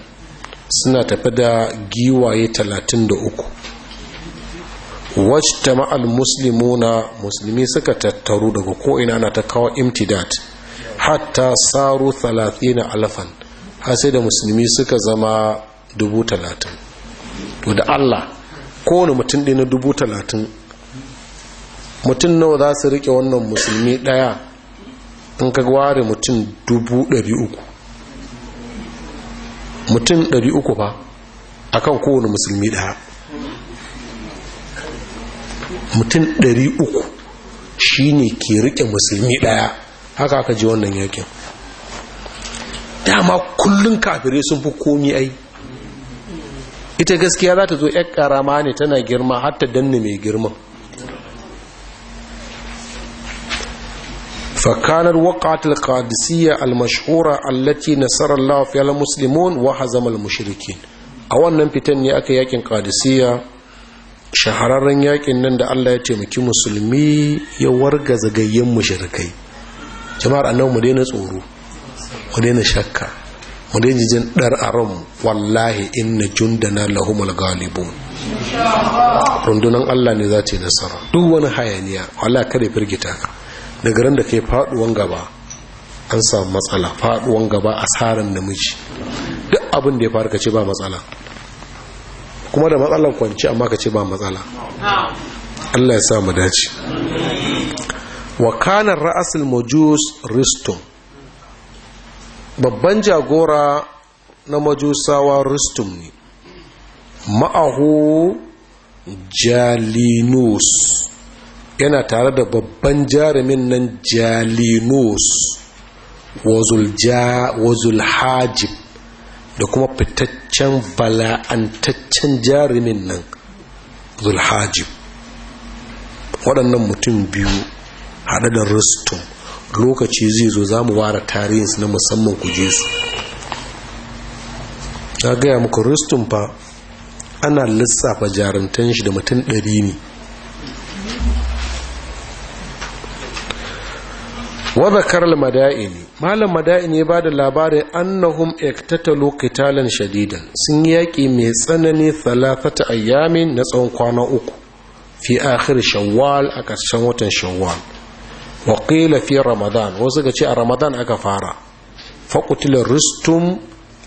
S1: suna tafi da giwaye talatin da uku wacce ma'al na musulmi suka tattaru daga ko'ina na ta kawo imtidat hatta saru na alfan har sai da musulmi suka zama dubu talatin to da allah kowane mutum ɗaya na dubu talatin mutum nawa za su riƙe wannan musulmi ɗaya in ka ware mutum dubu ɗari uku mutum ɗari uku ba a kan kowane musulmi ɗaya mutum ɗari uku shi ne ke riƙe musulmi ɗaya haka aka ji wannan yakin dama kullum kafirai sun fi komi ai ita gaskiya za ta zo ‘yar ƙarama ne tana girma har ta danna mai girman فكانت وقعة القادسية المشهورة التي نصر الله فيها المسلمون A wannan fitan ne aka yakin قادسية shahararren yakin nan da Allah ya taimaki musulmi ya warga zagayyen mushrikai jama'ar annabi mu daina tsoro mu daina shakka mu dai jijin a rum wallahi inna jundana lahumul galibun rundunan Allah ne za ta yi nasara duk wani hayaniya wallahi kada firgita ka daga ran da kai faduwan gaba an samu matsala faduwan gaba a tsarin namiji duk abin da ya faru ka ce ba matsala kuma da matsalan kwanci amma ka ce ba matsala Allah ya samu mu dace wa kana ra'asul majus ristum babban jagora na majusawa rustum ne ma'ahu jalinus yana tare da babban jarumin nan jalinus wazul hajib da kuma fitaccen bala'antaccen jarumin nan zulhajib waɗannan mutum biyu haɗe da rustum lokaci zai zo za mu ware tarihinsu na musamman ku je su ta gaya muku rustum fa ana lissafa jarumtan shi da mutum ɗari ne mada'i mada'ini malam mada'ini ya ba da labarin annahum ektatalu qitalan shadidan sun yaƙi mai tsanani thalathata ayyamin na tsawon kwana uku fi akhir shawwal a ƙarshen watan shawwal wa qila ramadan wasu ga ce a ramadan aka fara faƙutila Ristum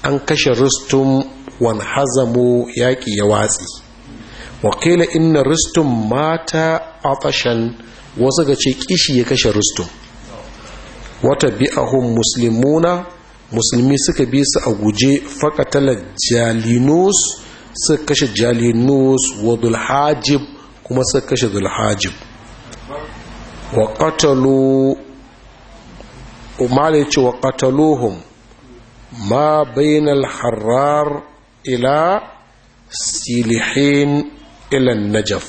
S1: an kashe Ristum wan hazamu yaƙi ya watsi wa qila inna Ristum mata a atashan wasu ga ce kishi ya kashe Ristum. wata bi'ahum muslimuna musulmi suka bi su a guje faƙatala jalinus suka kashe jalinus wa kuma suka kashe dulhajib wa qatalu umar ce wa ma bainal harar ila silihin ilan najaf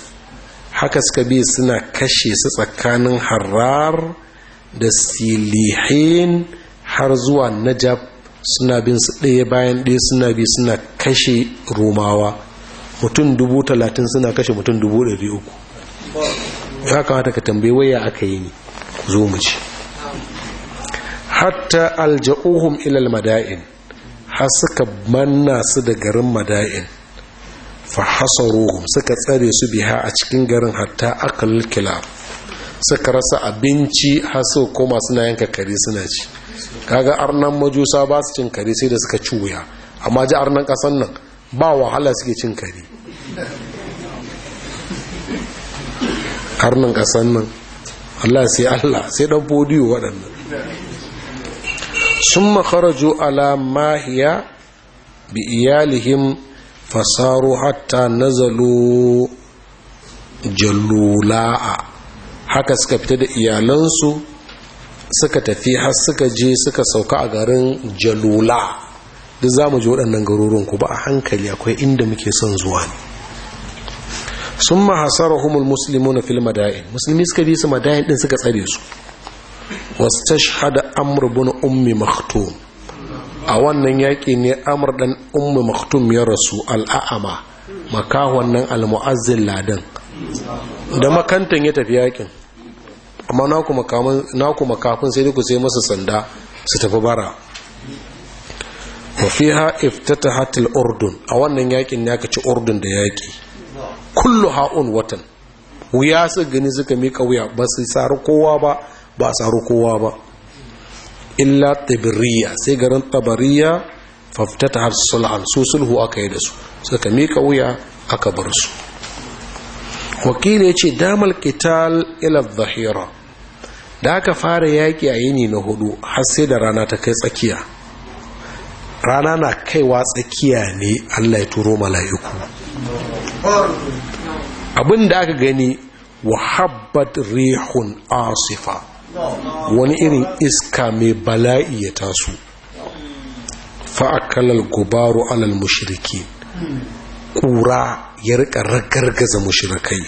S1: haka suka bi suna kashe su tsakanin harar da silihin har zuwa najaf suna bin su ɗaya bayan ɗaya suna bi suna kashe romawa mutum dubu talatin suna kashe mutum dubu ɗari uku ya kamata ka tambayi waya aka yi zo mu ci hatta alja'uhum ilal mada'in har suka manna su da garin mada'in fa hasaruhum suka tsare su biha a cikin garin hatta akal kilab suka rasa abinci har su koma suna yanka kare suna ci kaga arnan majusa ba su cin kare sai da suka ci wuya amma ji arnan kasan nan ba wahala suke cin kare karnin kasan nan Allah sai Allah sai dan fodiyo waɗannan sun makaraju ala mahiya bi iyalihim fasaru hatta nazalu jallula'a haka suka fita da iyalansu suka tafi har suka je suka sauka a garin jalula'a. duk za mu ji waɗannan garuruwan ba a hankali akwai inda muke son zuwa ne sun mahasarahumul muslimu na fil madain musulmi suka bi su madain din suka tsare su wastashhada amur bin ummi maktum a wannan yaƙi ne amur dan ummi maktum ya rasu al'a'ama makahon nan almu'azzin ladan da makantan ya tafi yaƙin amma na kuma kafin sai ku sai masa sanda su tafi bara wa fiha iftatahat al-urdun a wannan yaƙin ne aka ci urdun da yaƙi kullu ha'un watan wuya su gani suka mika wuya ba su kowa ba ba sari kowa ba illa tabiriya sai garin tabariya faftata har sulhan su sulhu aka yi da su suka mika wuya aka bar su wakili ya ce damal kital ila zahira da aka fara yaƙi a yini na hudu har sai da rana ta kai tsakiya rana na kaiwa tsakiya ne allah ya turo mala'iku abin da aka gani wahabbat rihun asifa wani irin iska mai bala'i ya taso fa'akalar gubaru alal mushiriki ƙura ya rika ragargaza mushirikai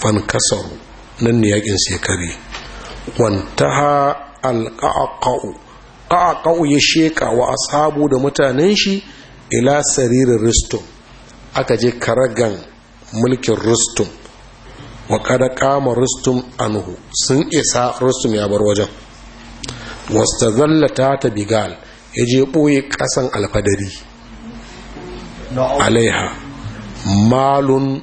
S1: fankasaru nan ne yakin sekare wantaha alƙa'aƙa'u ƙa'aƙa'u ya sheka wa ashabu da mutanen shi ila saririn riston aka je karagan mulkin rustum wa kada kama rustum anhu sun isa rustum ya bar wajen wasta zallata ta bigal ya je ɓoye ƙasan alfadari alaiha malun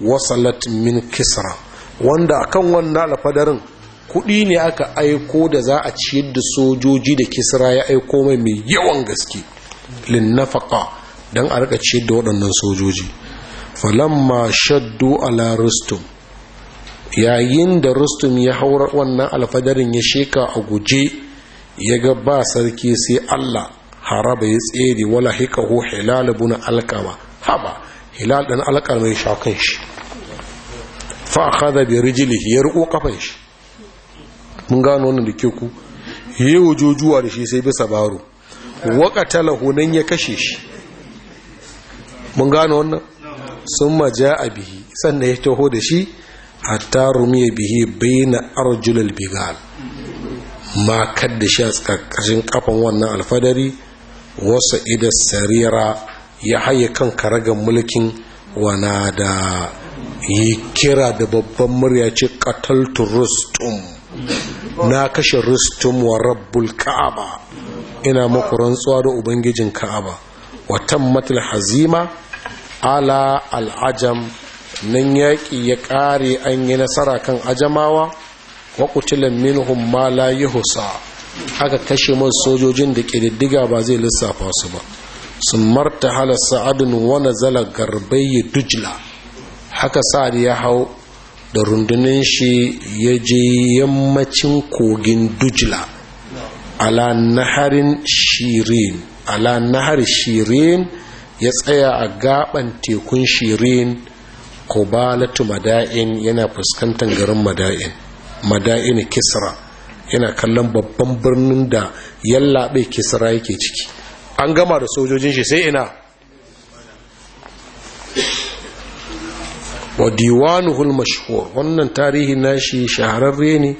S1: wasalat min kisra wanda akan wannan alfadarin kuɗi ne aka aiko da za a ciyar da sojoji da kisra ya aiko mai mai yawan gaske linnafaka don a rika ce da waɗannan sojoji falamma shaddu ala rustum yayin da rustum ya haura wannan alfadarin ya sheka a guje ya ga ba sarki sai allah haraba ya tsere wala hikahu hilal buna alqama haba hilal dan alqama ya sha shi fa akhadha bi rijlihi ya kafan shi mun gano wannan da ke ku yayi da shi sai bisa baro waqatalahu nan ya kashe shi mun gano wannan sun maja a bihi sannan ya taho da shi hatta ya bihi baina arjulal bigal ma kadda shi a tsakashin kafan wannan alfadari wasa idan sarira ya haye kan karagan mulkin wana da yi kira da babban murya ce kataltu rustum na kashe rustum wa rabbul ka'aba ina maku rantsuwa da ubangijin ka'aba watan matul hazima ala al'ajam nan yaƙi ya ƙare anyi nasara kan ajamawa wa kutilin minhum ma aka kashe masu sojojin da ƙididdiga ba zai lissafa su ba sun marta hala sa'adun wani zala garbayi dujla haka sa'ad ya hau da rundunin shi ya je yammacin kogin dujla ala naharin shirin ala nahar shirin ya tsaya a gaban tekun shirin kobalatu mada'in yana fuskantar garin mada'in mada'in kisra yana kallon babban birnin da yallaɓe kisra yake ciki an gama da sojojin shi sai ina wa diwanuhul mashhur wannan tarihi nashi shahararre ne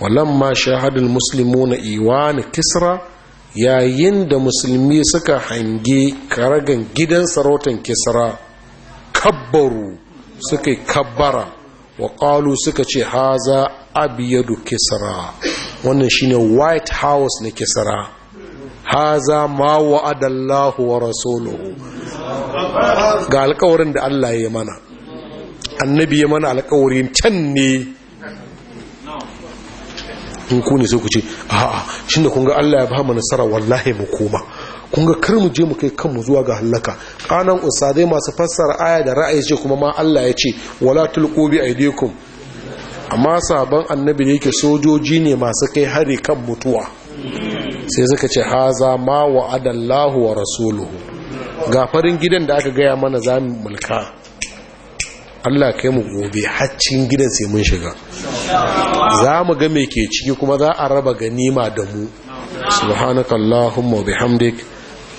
S1: walamma shahadul muslimuna iwan kisra yayin da musulmi suka hange karagan gidan sarautan kisra kabbaru suka yi kabbara wa ƙalu suka ce haza abiyadu kisra wannan shine white house na kisra haza ma Adallahu wa rasuluhu ga alkawarin da Allah ya mana annabi ya mana alkawarin can ne in ku ne sai ku ce a'a shi da kun ga Allah ya ba mu nasara wallahi mu koma kun ga kar mu je mu kai kanmu zuwa ga halaka kanan ustadai masu fassara aya da ra'ayi ce kuma ma Allah ya ce wala tulqu bi aidikum amma sabon annabi ne yake sojoji ne masu kai hari kan mutuwa sai suka ce haza ma wa'adallahu wa rasuluhu ga farin gidan da aka gaya mana zamu mulka Allah kai mu gobe haccin gidan sai mun shiga za mu ga me ke ciki kuma za a raba ganima da mu subhanakallahumma bihamdik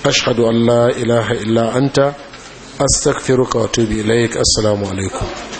S1: ashhadu an la ilaha illa anta astaghfiruka wa atubu ilaik assalamu alaikum